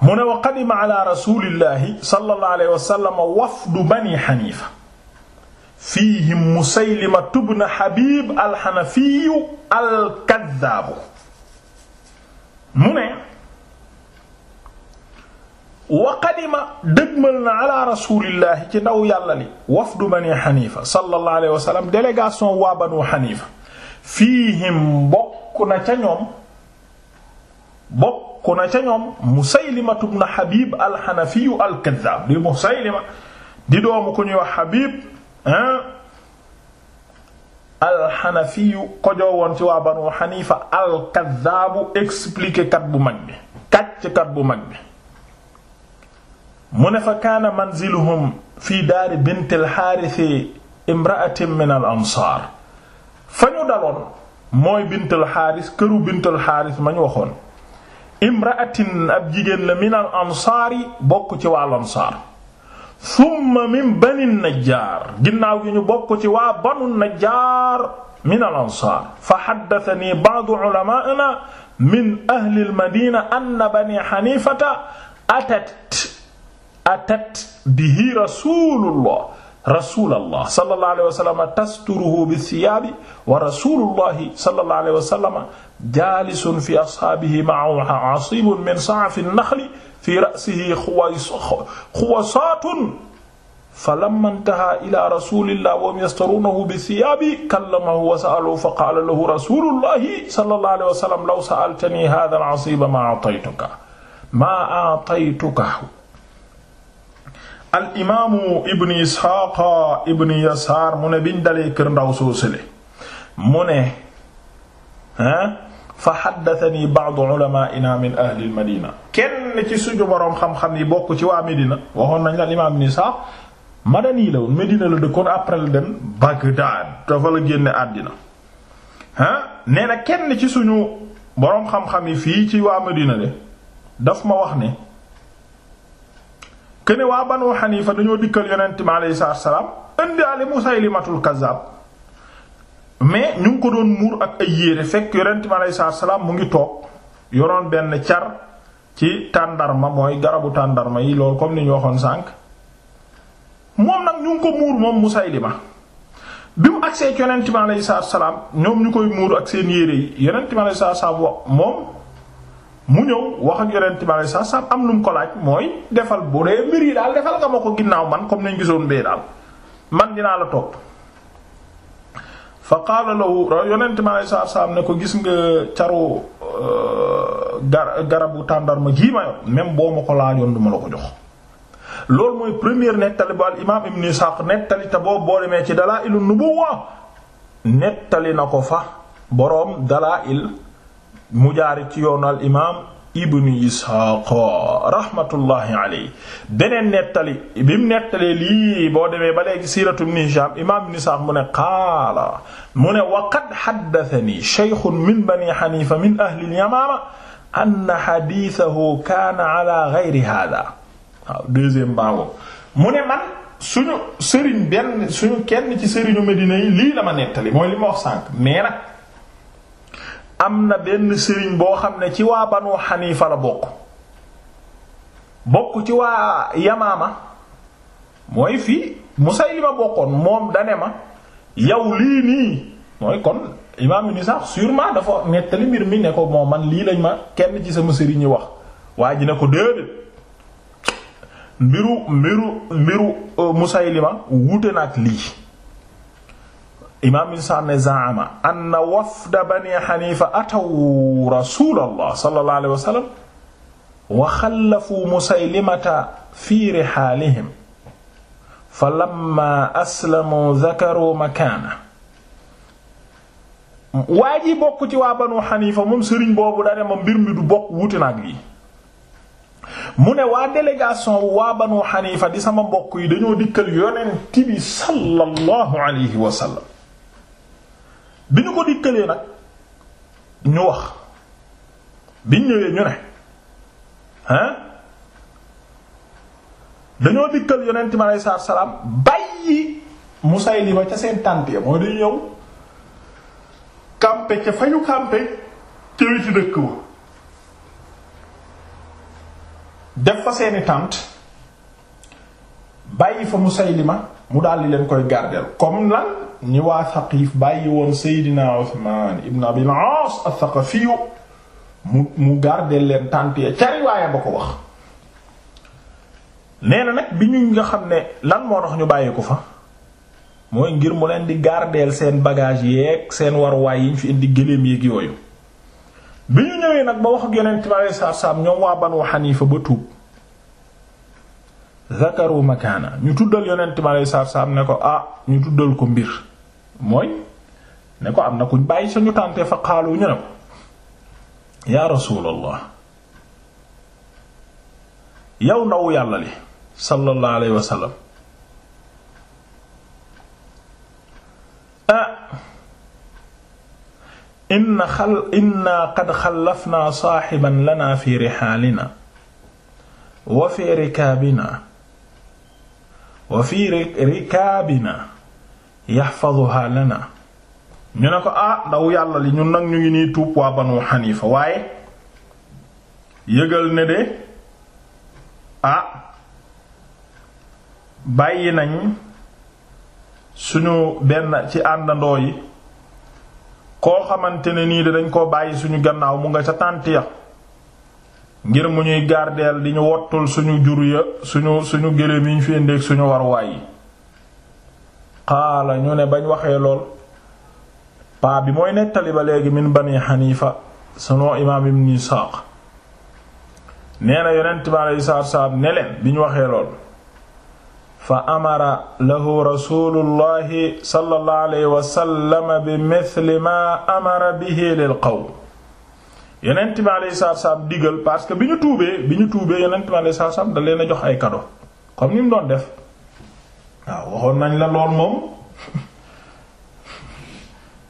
mu ne wa qadima ala rasulillahi sallallahu alayhi wa sallam wafdu bani xanifa fiihim musaylima ibn habib alxanafiyu alkadaabu mu ne wa qadima dëgmal na ala rasulillahi ci ndaw yàlla li wafdu bani xanifa sallallahu alayhi wa sallam délégation waa banu xanifa fiihim bokk na ca ñoom bokk bokk na ca ñoom Musaylimatu ibn Habib al-Hanafiyu al-Kaddaab di Musaylima di doomu ku ñuy wax Habib al-Hanafiyu ko joowoon ci waa Banu Hanifa al-Kaddaabu expliqué kat bu mag bi kàcc bu mag bi mu ne fa kaana manziluhum fii daari bint al-Haaris imra'atin min al-Ansaar fa ñu daloon mooy bint al-Haaris këru bint al-Haaris ma ñu waxoon imraatin ab jigéen la min al ansaari bokk ci waa ansaar thumma min bani najjaar ginnaaw gi ñu bokk ci waa banu najjaar min al ansaar fa haddathanii ba'du ulamaa'inaa min ahli al madiina anna banii haniifata atat atat bihi rasuulullah rasulallah sallallahu alayhi wa sallam tasturuhu bi thiyaabi wa rasuulullahi sallallahu alayhi wa sallam jaalisun fi ashaabihi ma'ahu asiibun min sa'afi naxli fi ra'sihi xuwasaatun falamma intahaa ilaa rasuulillahi wa hum yastaruunahu bi siyaabihi kallamahu wa sa'alahu fa qaala lahu rasuulullahi sallallahu alayhi wa sallam law sa'altanii haadhal asiiba maa a'taytuka maa a'taytukahu. al imaamu ibn Isxaaq ibn Yasaar mu ne biñ dalee kër ndaw soo sële mu ne ah. fa xaddatani baadu ulamaaina min ahli almadina kenn ci suñu boroom xam-xam yi bokk ci waa Medina waxoon nañ la imaam ibn Isaaq madani la woon Medina la dëkkoon après la dem Bagdad dafa la génne àddina ah nee na kenn ci suñu boroom xam-xam yi fii ci waa Medina de daf ma wax ni kene waa Banu Xanifa dañoo dikkal yonent mi alayhi salaam indi ali Musaylimatul Kazzaab mais ñu ngi ko doon muur ak ay yére fekk yonent bi aleyhi salaatu salaam mu ngi toog yoroon benn car ci tàndarma mooy garabu tàndarma yi loolu comme ni ñu waxoon sànq moom nag ñu ngi ko muur moom mu Musaylima bi mu agsee ci yonent bi aleyhi salaatu salaam ñoom ñu koy muur ak seen yére yi yonent bi aleyhi salaatu salaam wax moom mu ñëw wax ak yonent bi aleyhi salaatu salaam am lu mu ko laaj mooy defal bu dee mbir yi daal defal nga ginnaaw man comme ni ñu gisoon bee daal man dinaa la topp. fa qaala lahu yonent ma lay saar saam ne ko gis nga caru euh, garabu tàndarma gii ma yor même boo ma ko laajoon du ma la ko jox loolu mooy première nettali bu al imaam ibn Isaaq nettali te boobu boo demee ci nu Dalaa'ilun Nubuwwa nettali na ko fa boroom Dalaa'il mu jaari ci yoonu al ibn ishaaqa rahmatullahi alayhi beneen nettali bi mu nettalee lii boo demee ba léegi siiratu ibn Hishaam imaam ibn Isxaaq mu ne qaala mu ne wa qad haddathanii shaykhun min banii Haniifa min ahli al-Yamaama anna hadiithahu kaana alaa ghayri haadhaa waaw deuxième baabu mu ne man suñu sëriñ benn suñu kenn ci sëriñu Medina yi lii la ma nettali mooy li ma wax sànq mais nag am na benn sëriñ boo xam ne ci waa Banu Xaniifa la bokk bokk ci waa Yamaama mooy fii Musaylima bokkoon moom dane ma yow lii nii mooy kon imaam ni sax sûrement dafa nettali mbir mi ne ko moo man lii lañ ma kenn ci sama sëriñ yi wax waa ji ne ko déedéet mbiru mbiru mbiru euh, Musaylima wuute na ak lii imaam ibn Sa'd ne zaama anna wafda bani xanifa ataw rasulallah sallallahu alayhi wa wa xallafu musaylimata fi rixaalihim fa aslamu dakaru makaana waa ji bokk ci waa banu xanifa moom sëriñ boobu dane ma mbir du bokk wuute nag lii mu ne waa délégation banu xanifa di sama mbokk yi dañoo dikkal yonent bi alayhi wa bi ñu ko dikkalee nag ñu wax biñ ñëwee ñu ne hein dañoo dikkal yonent mi aleyhi salaatu salaam say Musaylima ca seen tànt ya mooy dañu ñëw campé ca fa ñu campé ca weti dëkk wa def fa seeni tànt bàyyi fa Musaylima mu daldi leen koy gardeel comme lan ñi waa Saqiif bàyyi woon Seydina Usmaan ibn Abil Aas as-Saqafi mu mu garder leen tànt ya ca riwaaya ba ko wax nee na nag bi ñu nga xam ne lan moo tax ñu bàyyi ko fa mooy ngir mu leen di gardeel seen bagage yeeg seen waruwaay yi ñu fi indi gëléem yeeg yooyu bi ñu ñëwee nag ba wax ak Yonent bi alayhi salaatu ñoom waa Banu Haniifa ba tuub zakaru makaana ñu tuddal Yonent bi alayhi salaatu ne ko ah ñu tuddal ko mbir mooy ne ko am na kuñ bàyyi suñu tànte fa xaalu ñu ne yaa rasuulallah yow ndaw yàlla li sallallahu alayhi wa sallam ah inna xal qad xallafna saaxiban lana fi rixaalina wa fi rikaabina wa fi rikaabina yaxfaduha na ñu ne ko ah ndaw yàlla li ñun nag ñu ngi nii tuub waa banu xanifa waaye yëgal ne de ah bàyyi nañ suñu benn ci àndandoo yi koo xamante ne nii de dañ koo bàyyi suñu gannaaw mu nga ca tànt ya ngir mu ñuy gardeel di ñu wottul suñu jur ya suñu suñu gëléem yi ñu fi indi suñu warwaay yi qaala ñu ne bañ waxee lool paa bi mooy nettali ba léegi min bani xanifa sunu imaam ibn isaaq nee na yonent bi aleyhi salaatu salaam ne leen bi ñu waxee lool fa amara lahu rasulullahi sallallahu alayhi wa sallam bi mithli ma amara bihi lil qawm yonent bi aleyhi salaatu digal parce que bi ñu tuubee bi ñu tuubee yonent bi aleyhi salaatu da leen a jox ay cadeau comme ni mu doon def waaw waxoon nañ la lool moom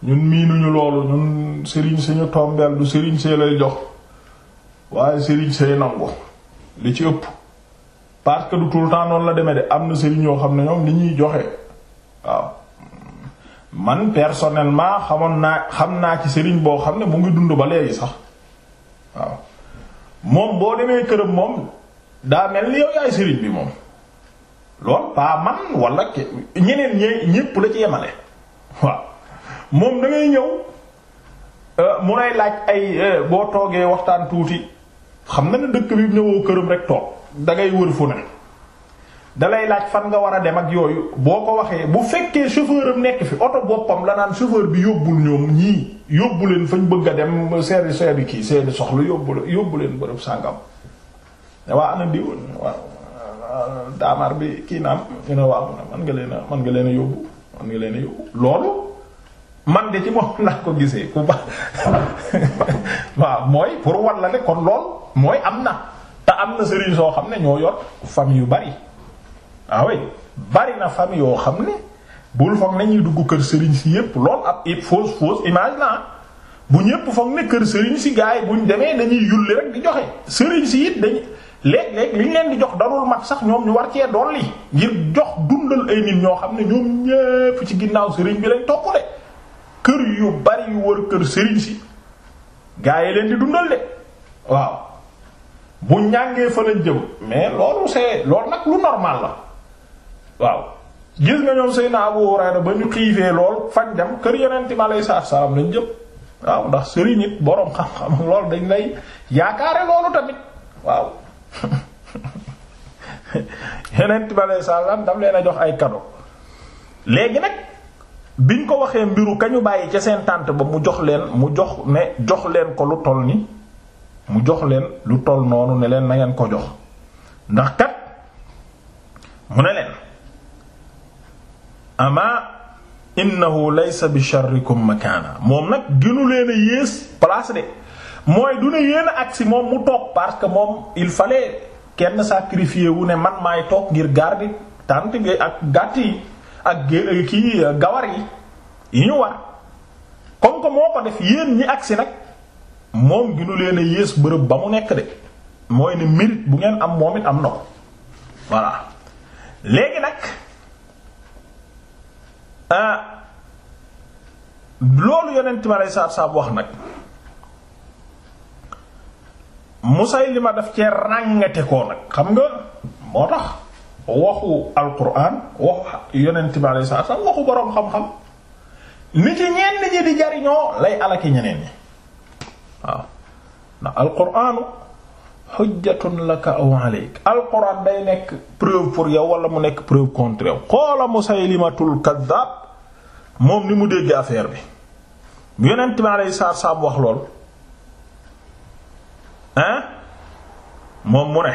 ñun miinuñu loolu ñun sëriñ suñu tombeel du sëriñ see lay jox waaye sëriñ see nangu li ci ëpp parce que du tout temps noonu la demee de am na sëriñ yoo xam ne ñoom li ñuy joxe waaw man personnellement xamoon naa xam naa ci sëriñ boo xam ne mu ngi dund ba léegi sax waaw moom boo demee këram moom daa mel ni yow yaay sëriñ bi moom lool pas man wala ñeneen ñee ñépp la ci yemale waaw moom da ñëw euh, mu lay laaj ay euh, boo toogee waxtaan tuuti xam na ne dëkk bi ñëwoo këram rek toog da wër fu ne dalay laaj fan nga war a dem ak yooyu boo ko waxee bu fekkee chauffeur am nekk fi oto boppam la naan chauffeur bi yóbbul ñoom ñii yóbbu leen fañ bëgg a dem seeri seeri kii seeni soxla yóbbu yóbbu leen bërëb sàngam waa ana diwoon waaw Euh, daamaar bi kii naa ñu ne man nga leen a man nga leen a yóbbu man nga leen yóbbu loolu man de ci moom *laughs* laa ko gisee ku ba *laughs* waaw mooy pour war la ne kon lool mooy am na te am na sëriñ soo xam ne ñoo yor famille yu bari waawe ah bari na famille yoo xam ne bul foog nañuy dugg kër sëriñ si yépp lool ab fausse fausse image la bu ñépp foog ne kër sëriñ si gaay buñ demee dañuy yulli rek di joxe sëriñ si it dañ léeg-léeg li ñu leen di jox darul mat sax ñoom ñu war cee dolli ngir jox dundal ay nit ñoo xam ne ñoom ñépp ci ginnaaw sëriñ bi lañ topp de kër yu bari yu wër kër sëriñ si gaa yi leen di dundal de waaw bu ñàngee fa lañ jëm mais loolu c'est nag lu normal la waaw nga ñoom Seydina Abu ba ñu xiifee lool fañ dem kër Yonent mi alayhi salaatu salaam lañ jëm waaw ndax sëriñ it boroom xam-xam loolu dañ lay yaakaare loolu tamit waaw yeneen tibale saalam daf leen a jox ay kado léegi nag biñ ko waxee mbiru kañu bàyyi ca seen tànt ba mu jox leen mu jox ne jox leen ko lu toll ni mu jox leen lu toll noonu ne leen na ngeen ko jox ndax kat mu ne leen ama innahu laysa bi sharrikum makaana moom nag gënu leen a yées place de mooy du ne yéen a agsi moom mu toog parce que moom il fallait kenn sacrifier wu ne man maay toog ngir garder tant bi ak gàtt yi ak euh, kii euh, gawar yi yi ñu war comme que moo ko def yéen ñi agsi nag moom ginu leen a yées bërëb ba mu nekk de mooy ne mérite bu ngeen am moom am na ko voilà léegi nag euh, loolu yeneen ma lay saab saab wax nag. Musaylima daf cee ràngate koo nag xam nga moo tax waxu alquran waxu yonent bi alayhi salaam xam-xam ni ci ñenn ñi day nekk preuve wala mu nekk preuve contre yow xoola Musaylimatul kaddaab moom mu dégg affaire bi yonent bi alayhi wax lool ah moom mu ne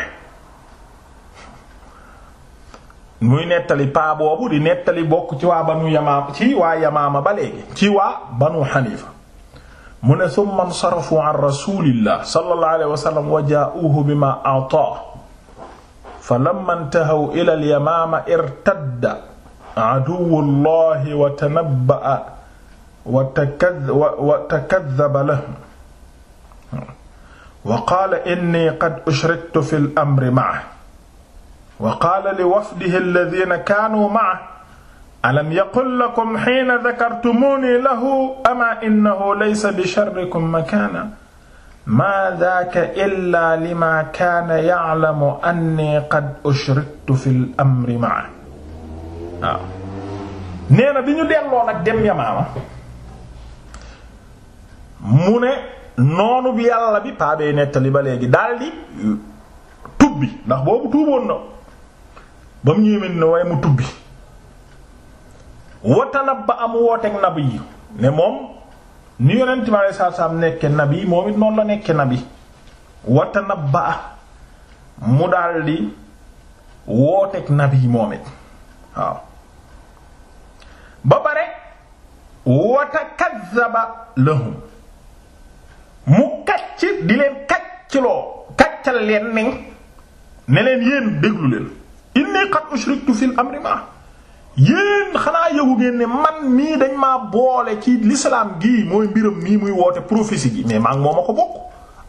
muy nettali paa boobu di nettali bokk ci waa banu yamaama ci waa yamaama ba léegi ci waa banu xanifa mu ne summa nsarafu an rasulillah sallallahu alayhi wa sallam wa jaa'uuhu bima a'taa fa lamma intahaw ila al-yamaama irtadda aduwwu llahi wa tanabba'a wa takadhaba lahum wa qaala inni qad ushriktu fi l amri ma'a wa qaala li wafdihi alladhina kaanu ma'a alam yaqul lakum hiina dhakartumuni lahu ama innahu laysa bi sharrikum makaana maa dhaaka illaa limaa kaana ya'lamu anni qad ushriktu fil amri ma'a waaw nee na bi ñu delloo nag dem Yamaama mu ne noonu bi yàlla bi paabee nettali ba léegi daldi tubbi ndax boobu tuuboon na ba mu ñëwee ne waaye mu tubbi watanab ba am wooteeg nab yi ne moom nu yonent mi aleyhi salaatu salaam nekke nabi moom it noonu la nekke nabi watanab ba ah mu daldi wooteeg nabi moom it waaw ba pare watakazaba lahum mu kàcc di leen kàccloo kàccal leen ne ne leen yéen déglu leen inni qad ushriktu fil amri ma yéen xanaa yëgu ngeen ne man mii dañ ma boole ci l'islam gii mooy mbiram mii muy woote prophétie gi mais maa ngi moom a bokk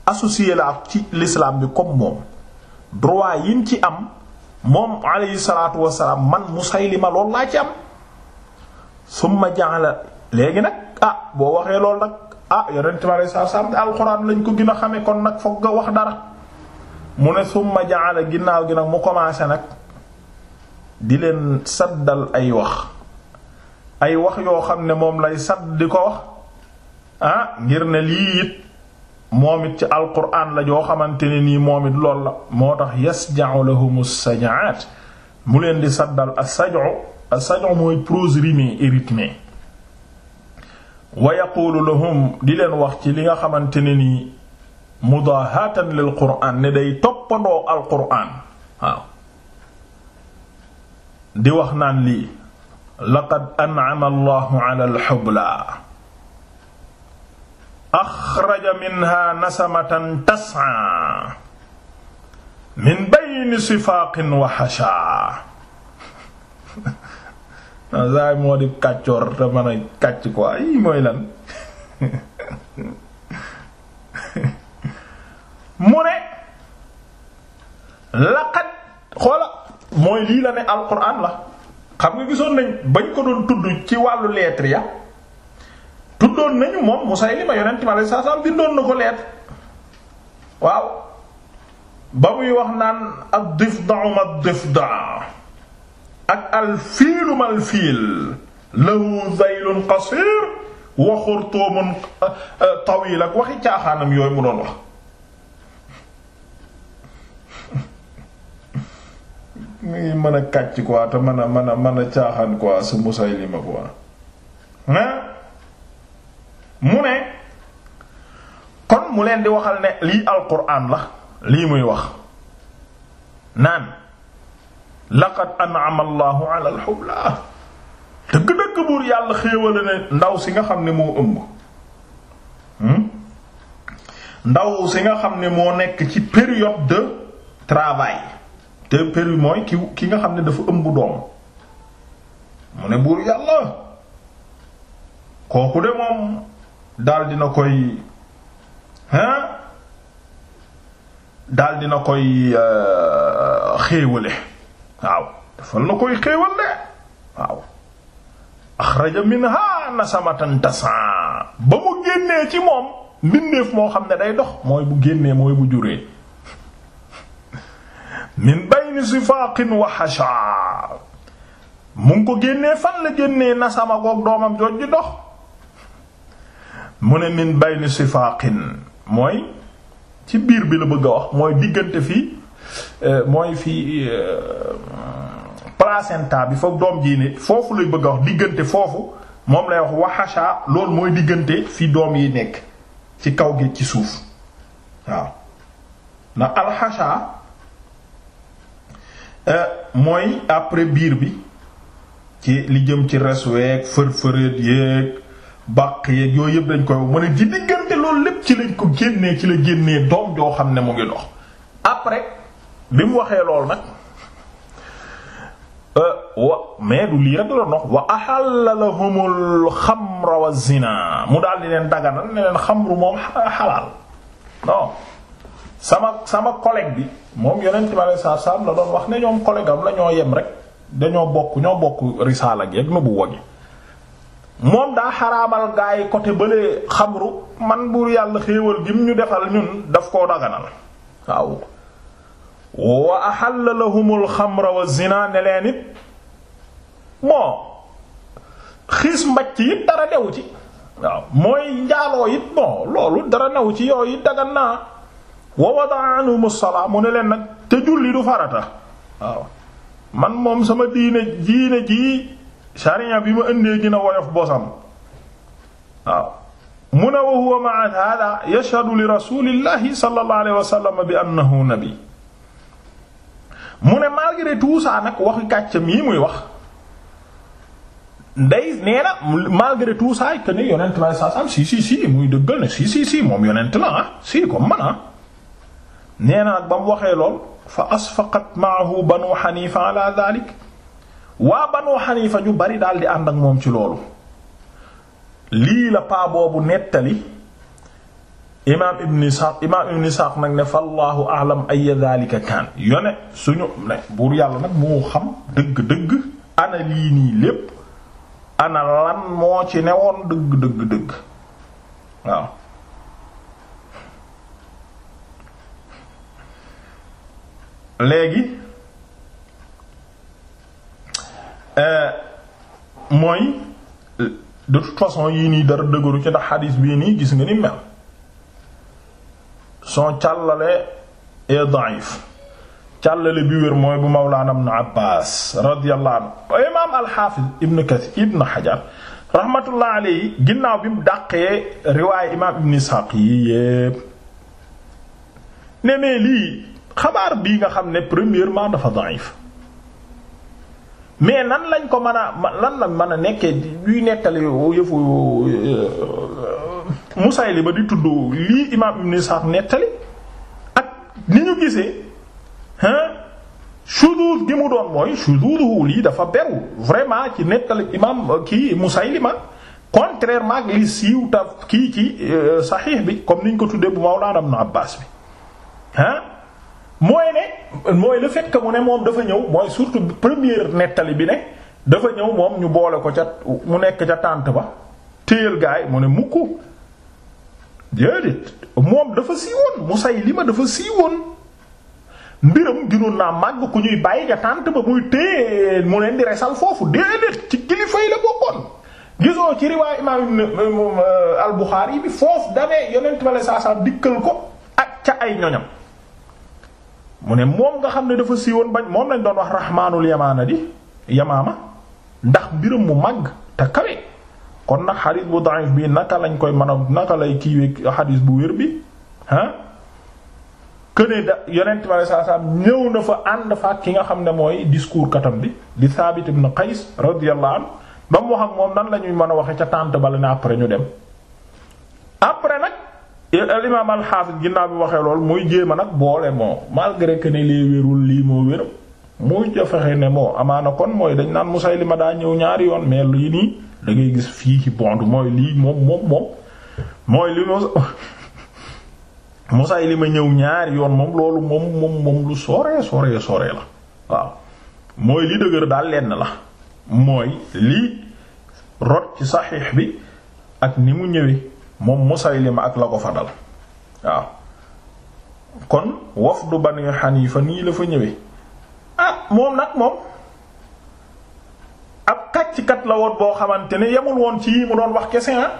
associé la ci lislaam bi comme moom droit yim ci am moom alayhi salaatu wassalaam man Musaylima loolu laa ci am ma ja'ala léegi nag ah boo waxee loolu nag ah yonent bi alei satu salaam alxuraan lañ ko gën a xame kon nag foog nga wax dara mu ne summa jaala ginnaaw gi nag mu commencé nag di leen saddal ay wax ay wax yoo xam ne moom lay sadd di ko wax ah ngir ne lii it moom it ci alquran la joo xamante ne nii moom it lool la moo tax yasja'u lahum as-saj'at mu leen di saddal as-saj'u a saju mooy prose rimée et rythmée wa yaquulu lahum di leen wax ci li nga xamante ne nii mudaahatan lil quraan ne day toppandoo al quraan waaw di wax naan lii laqad an'ama allahu ala alxublaa axraja minha nasamatan tas'a min bayni sifaaqin wa xashaa saay moo di kàccoor te mën a kàcc ko ay mooy lan mu ne laqad xoola mooy lii la ne alquran la xam nga gisoon nañ bañ ko doon tudd ci wàllu lettre ya tuddoon nañu moom Musaylima yonent mi alayhi salaam bindoon na ko lettre waaw ba muy wax naan ad-difda'u ma ad-difda' ak alfiilu mal fiil lahu zaylun qasir wa xurtumun ah, ah, tawil ak waxi caaxaanam yooyu mu wax mu mën a mën mën mën a caaxaan ne kon mu leen di waxal ne lii alquran la lii muy wax naan laqad an'ama allahu ala al-hubla dëgg buur yàlla xéewale ne ndaw si nga xam ne moo ëmb hmm? ndaw si nga xam ne moo nekk ci période de travail te période mooy ki nga xam ne dafa ëmb doom mu ne buur yàlla kooku de moom daal dina koy hein dina koy euh, xéewale waaw dafa la koy xéewal de waaw axraja minha nasamatan tasan ba mu génnee ci moom mbindeef moo xam ne day dox mooy bu génnee mooy bu juree min bayni sifaaqin wa hasha mu ko génnee fan la génnee nasama goog doomam jooj di dox mu ne min bayni sifaaqin mooy ci biir bi la bëgg a wax mooy diggante fii Euh, mooy fii euh, placenta bi fa doom ji ne foofu lay bëgg a wax diggante foofu moom lay wax waxasha loolu mooy diggante fi doom yi nekk ci kaw gi ci suuf waaw ndax alxasha euh, mooy après biir bi ci li jëm ci res weeg fër-fëreet yeeg baq yeeg yooyu yëpp lañ koy mu ne ci diggante loolu lépp ci lañ ko génnee ci la génnee doom joo xam ne mu ngi dox après bi mu waxee lool nag euh, wa du lii rek la nox wa ahalla xamra wa zina mu daal di leen daganal ne leen xamru moom xalaal sama sama collègue bi moom yonent bi alei satu salaam la doon wax ne ñoom collègue am la ñoo yem rek dañoo bokk ñoo bokk risaala gi ak nu bu moom daa xaraamal gaa yi côté bële xamru man buur yàlla xéewal gim ñu defal ñun daf koo daganal waaw wa axalla lahumul xamra wa zina ne leen it bon xiis mbàcc it dara dewu ci waaw mooy njaaloo it bon loolu dara newu ci yooyu dagan naa wa wadaa anhum salaa mu ne leen nag te julli du farata waaw man moom sama diine diine jii sharia bi ma indee gën a bosam mu ne wa huwa ma'a hada yashhadu li rasulillahi sallallahu alayhi wa sallam bi annahu nabi mu ne malgré tout ça nag waxi kàcc mii muy wax ndey nee na malgré tout ça que yonent la saa saam si si si muy dëggal ne si si si moom yonent la ah, si comme man ah nee na nag ba mu waxee lool fa asfaqat maahu banu xanifa waa banu xanifa ñu bari daal di ànd ak moom ci loolu lii la paa boobu nettali imaam ibn Isaaq imaam ibn Isaaq nag ne fa allahu alam ay daalika kaan yone suñu ne buur yàlla nag moo xam dëgg-dëgg ana lii nii lépp ana moo ci newoon dëgg dëgg dëgg waaw léegi eh, mooy de toute façon yii nii dara dëgëru ci ndax xadiis bii nii gis nga ni mel son càllale est da'if càllale bi wér mooy bu mawlaana ibn Abbaas radiyallahu anhu al-Haafiz ibn Kasiir ibn Hajar rahmatullah alayhi ginnaaw bi mu dàqee riwaaye imaam ibn Isxaaq yi ne mais xabaar bii nga xam ne premièrement dafa da'if mais nan lañ ko mën la mën a nekkee luy nettali yëfu ba di tudd lii imaam Ibn Sa'd nettali ak ni ñu gisee hein shuduud gi mu doon mooy shuduuduhu lii dafa beru vraiment ci nettali imaam kii ma contrairement ak li siiw taf kii ci euh, saxiix bi comme niñ ko tuddee bu Mawlaana Ibn Abbaas bi hein mooy ne mooy le fait mu ne moom dafa ñëw mooy surtout première nettali bi ne dafa ñëw moom ñu boole ko ca mu nekk ca tànt ba téyal gaay mu ne mukk déedéet moom dafa siiwoon Musaylima dafa siiwoon mbiram ginoon naa màgg ku ñuy bàyyi nga tànt ba muy téye mu leen di resal foofu déedéet ci kilifa yi la bokkoon gisoo ci riwaay imaam euh, al bi foofu damee yonent ma la saa dikkal ko ak ca ay ñoñam mu ne moom nga xam ne dafa siiwoon bañ moom lañ doon wax raxmaanul yamaana di yamaama ndax mbiram mu màgg te kawe kon nag xadis bu da'if bi naka lañ koy mën a naka lay kiiwee xadis bu wér bi ah këne da yonent ma saa saa ñëw na fa ànd fa ki nga xam ne mooy discours katam bi di Saabit ibn Qays radiyallahu anhu ba mu wax ak moom nan la ñuy mën a waxee ca tànt ba la ne après ñu dem après nag al imaam al xaafis ginnaaw bi waxee lool muy jéema nag boole moo malgré que lee wérul lii moo wér muy jafexe ne moo amaana kon mooy dañ naan Musaylima daa ñëw ñaari yoon da gis fii ci bond mooy lii moom moom moom *laughs* ñëw ñaari yoon moom loolu moom moom lu sore sore sore la waaw mooy li dëgër daal lenn la mooy lii rot ci saxiix bi ak ni mu ñëwee moom Musaylima ak la ko fa dal waaw kon wafdu Bani Hanifa nii la fa ñëwee ah moom nag moom kàccikat la woon boo xamante ne yemul woon ci yi mu doon wax kese ah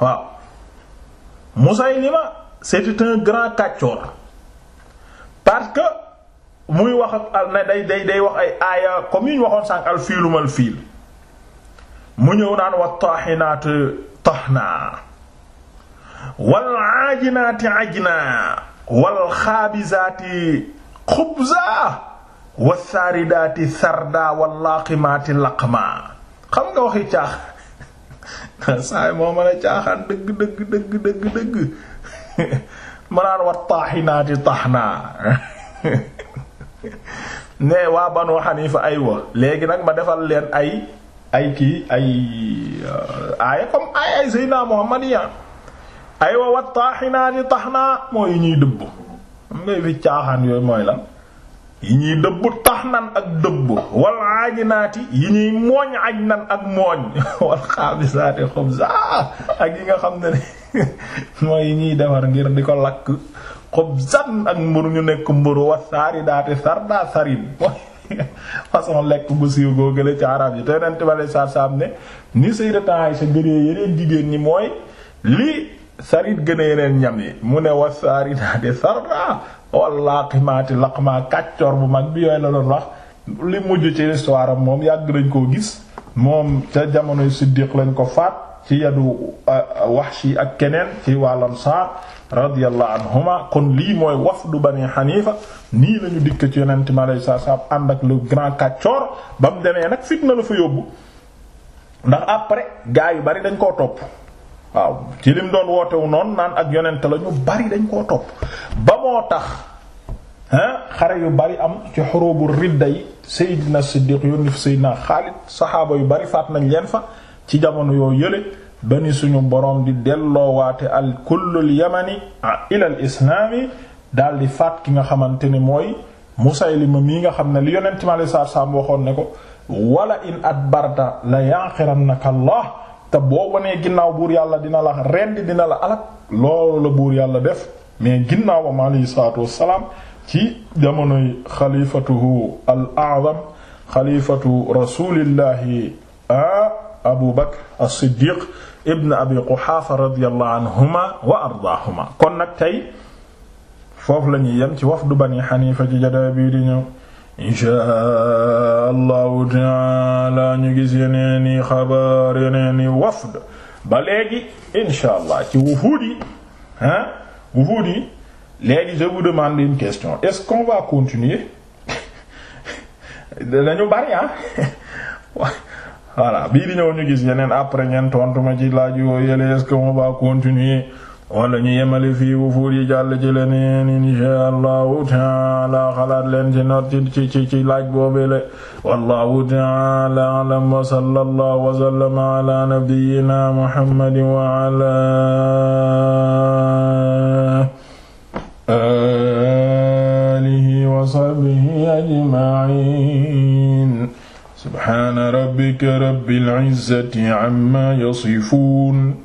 waaw Musaylima c'était un grand kàccoor parce que muy wax ak ne day day day wax ay aaya comme yu ñu waxoon sànq al fiilumal fiil mu ñëw naan wa taaxinaat taxnaa wal aajinaati ajnaa wal xaabisaati xubzaa wa saaridaati sarda wa laaqimaati laqma xam nga waxi caaxaan *laughs* saay moo mën a caaxaan dëgg dëgg dëgg dëgg dëgg *laughs* mënaan wa taaxinaati taxnaa *laughs* ne waa Banu Xanifa aywa léegi nag ma defal leen ay ay kii ay uh, aaya comme ay ay Seydina naa aywa wa taaxinaati taxnaa mooy ñuy dëbb xam nga fi caaxaan yooyu mooy lan yi ñuy dëbb tax nan ak dëbb wal aajinaati yi ñuy mooñ aj nan ak mooñ *laughs* wal xaabisaati xubza ak yi nga xam ne ne *laughs* mooy yi ñuy defar ngir di ko lakk xubzan ak mburu ñu nekk mburu wa saari daati sarda sarin *laughs* façon lekk bu siiw goo gële ci arab yi te yonent bale saar saam ne ni yi Aysa gënee yeneen jigéen ñi mooy li sarit gën a yeneen ñam yi mu ne wa saari daati wallaaqimaati laqmaa kàccoor bu mag bi yooyu la doon wax li mujj ci histoire am moom yàgg nañ koo gis moom ca jamonoy siddiq lañ ko faat ci yadu Wahshi ak keneen ci wàllam saar radiyallahu anhuma kon lii mooy du bani xanifa nii lañu dikk ci yonent mi alayhi salaam ànd ak lu grand kàccoor ba mu demee nag fitna lu fa yóbbu ndax après gaa yu bari dañ koo topp waaw ci lim doon wootewu noonu naan ak yonent la ñu bari dañ koo topp ba moo tax xare yu bari am ci xurubu ridda yi Seydina Siddiq yónni fi Seydina Xaalid saxaaba yu bari faat nañ leen fa ci jamono yoo yële ba ni suñu boroom di delloowaate al kullul yamani ilal islaami daal di faat ki nga xamante ni mooy Musaylima mii nga xam ne li yonent mi alayhi salaam waxoon ne ko wala in at adbarta la yanqirannaka Allah te boo wanee ginnaaw buur yàlla dina la rendi dina la alak loolu la buur yàlla def mais ginnaawam alayhi salaatu wassalaam ci jamonoy xalifatuhu al a'zam xalifatu rasulillahi abu bakr as-siddiq ibn abi quxaafa radiyallahu anhuma wa ardaahuma kon nag tey foofu la ñuy yem ci wafdu bani xanifa ci jadaay bii di ñëw inchaa allahu taala ñu gis yeneen i xabaar yeneen i wafd ba léegi incha allah ci wufuud yi ah wufuud yi léegi je vous demande une question est-ce qu'on va continuer *laughs* dañu bari ah *laughs* voilà bii di ñëw ñu gis yeneen après ñeen tontu ma ci laaj yooyu est-ce qu'on va continuer wala ñu yemale fii wu fuur yi jàll ci leneen insha allahu taala xalaat leen ci not ci ci ci laaj boobele wallahu taala alam wa sallallahu wa sallama ala nabiyyina muhammadin wa ala alihi wa sahbihi ajma'in subhana rabbika rabbil izzati amma yasifun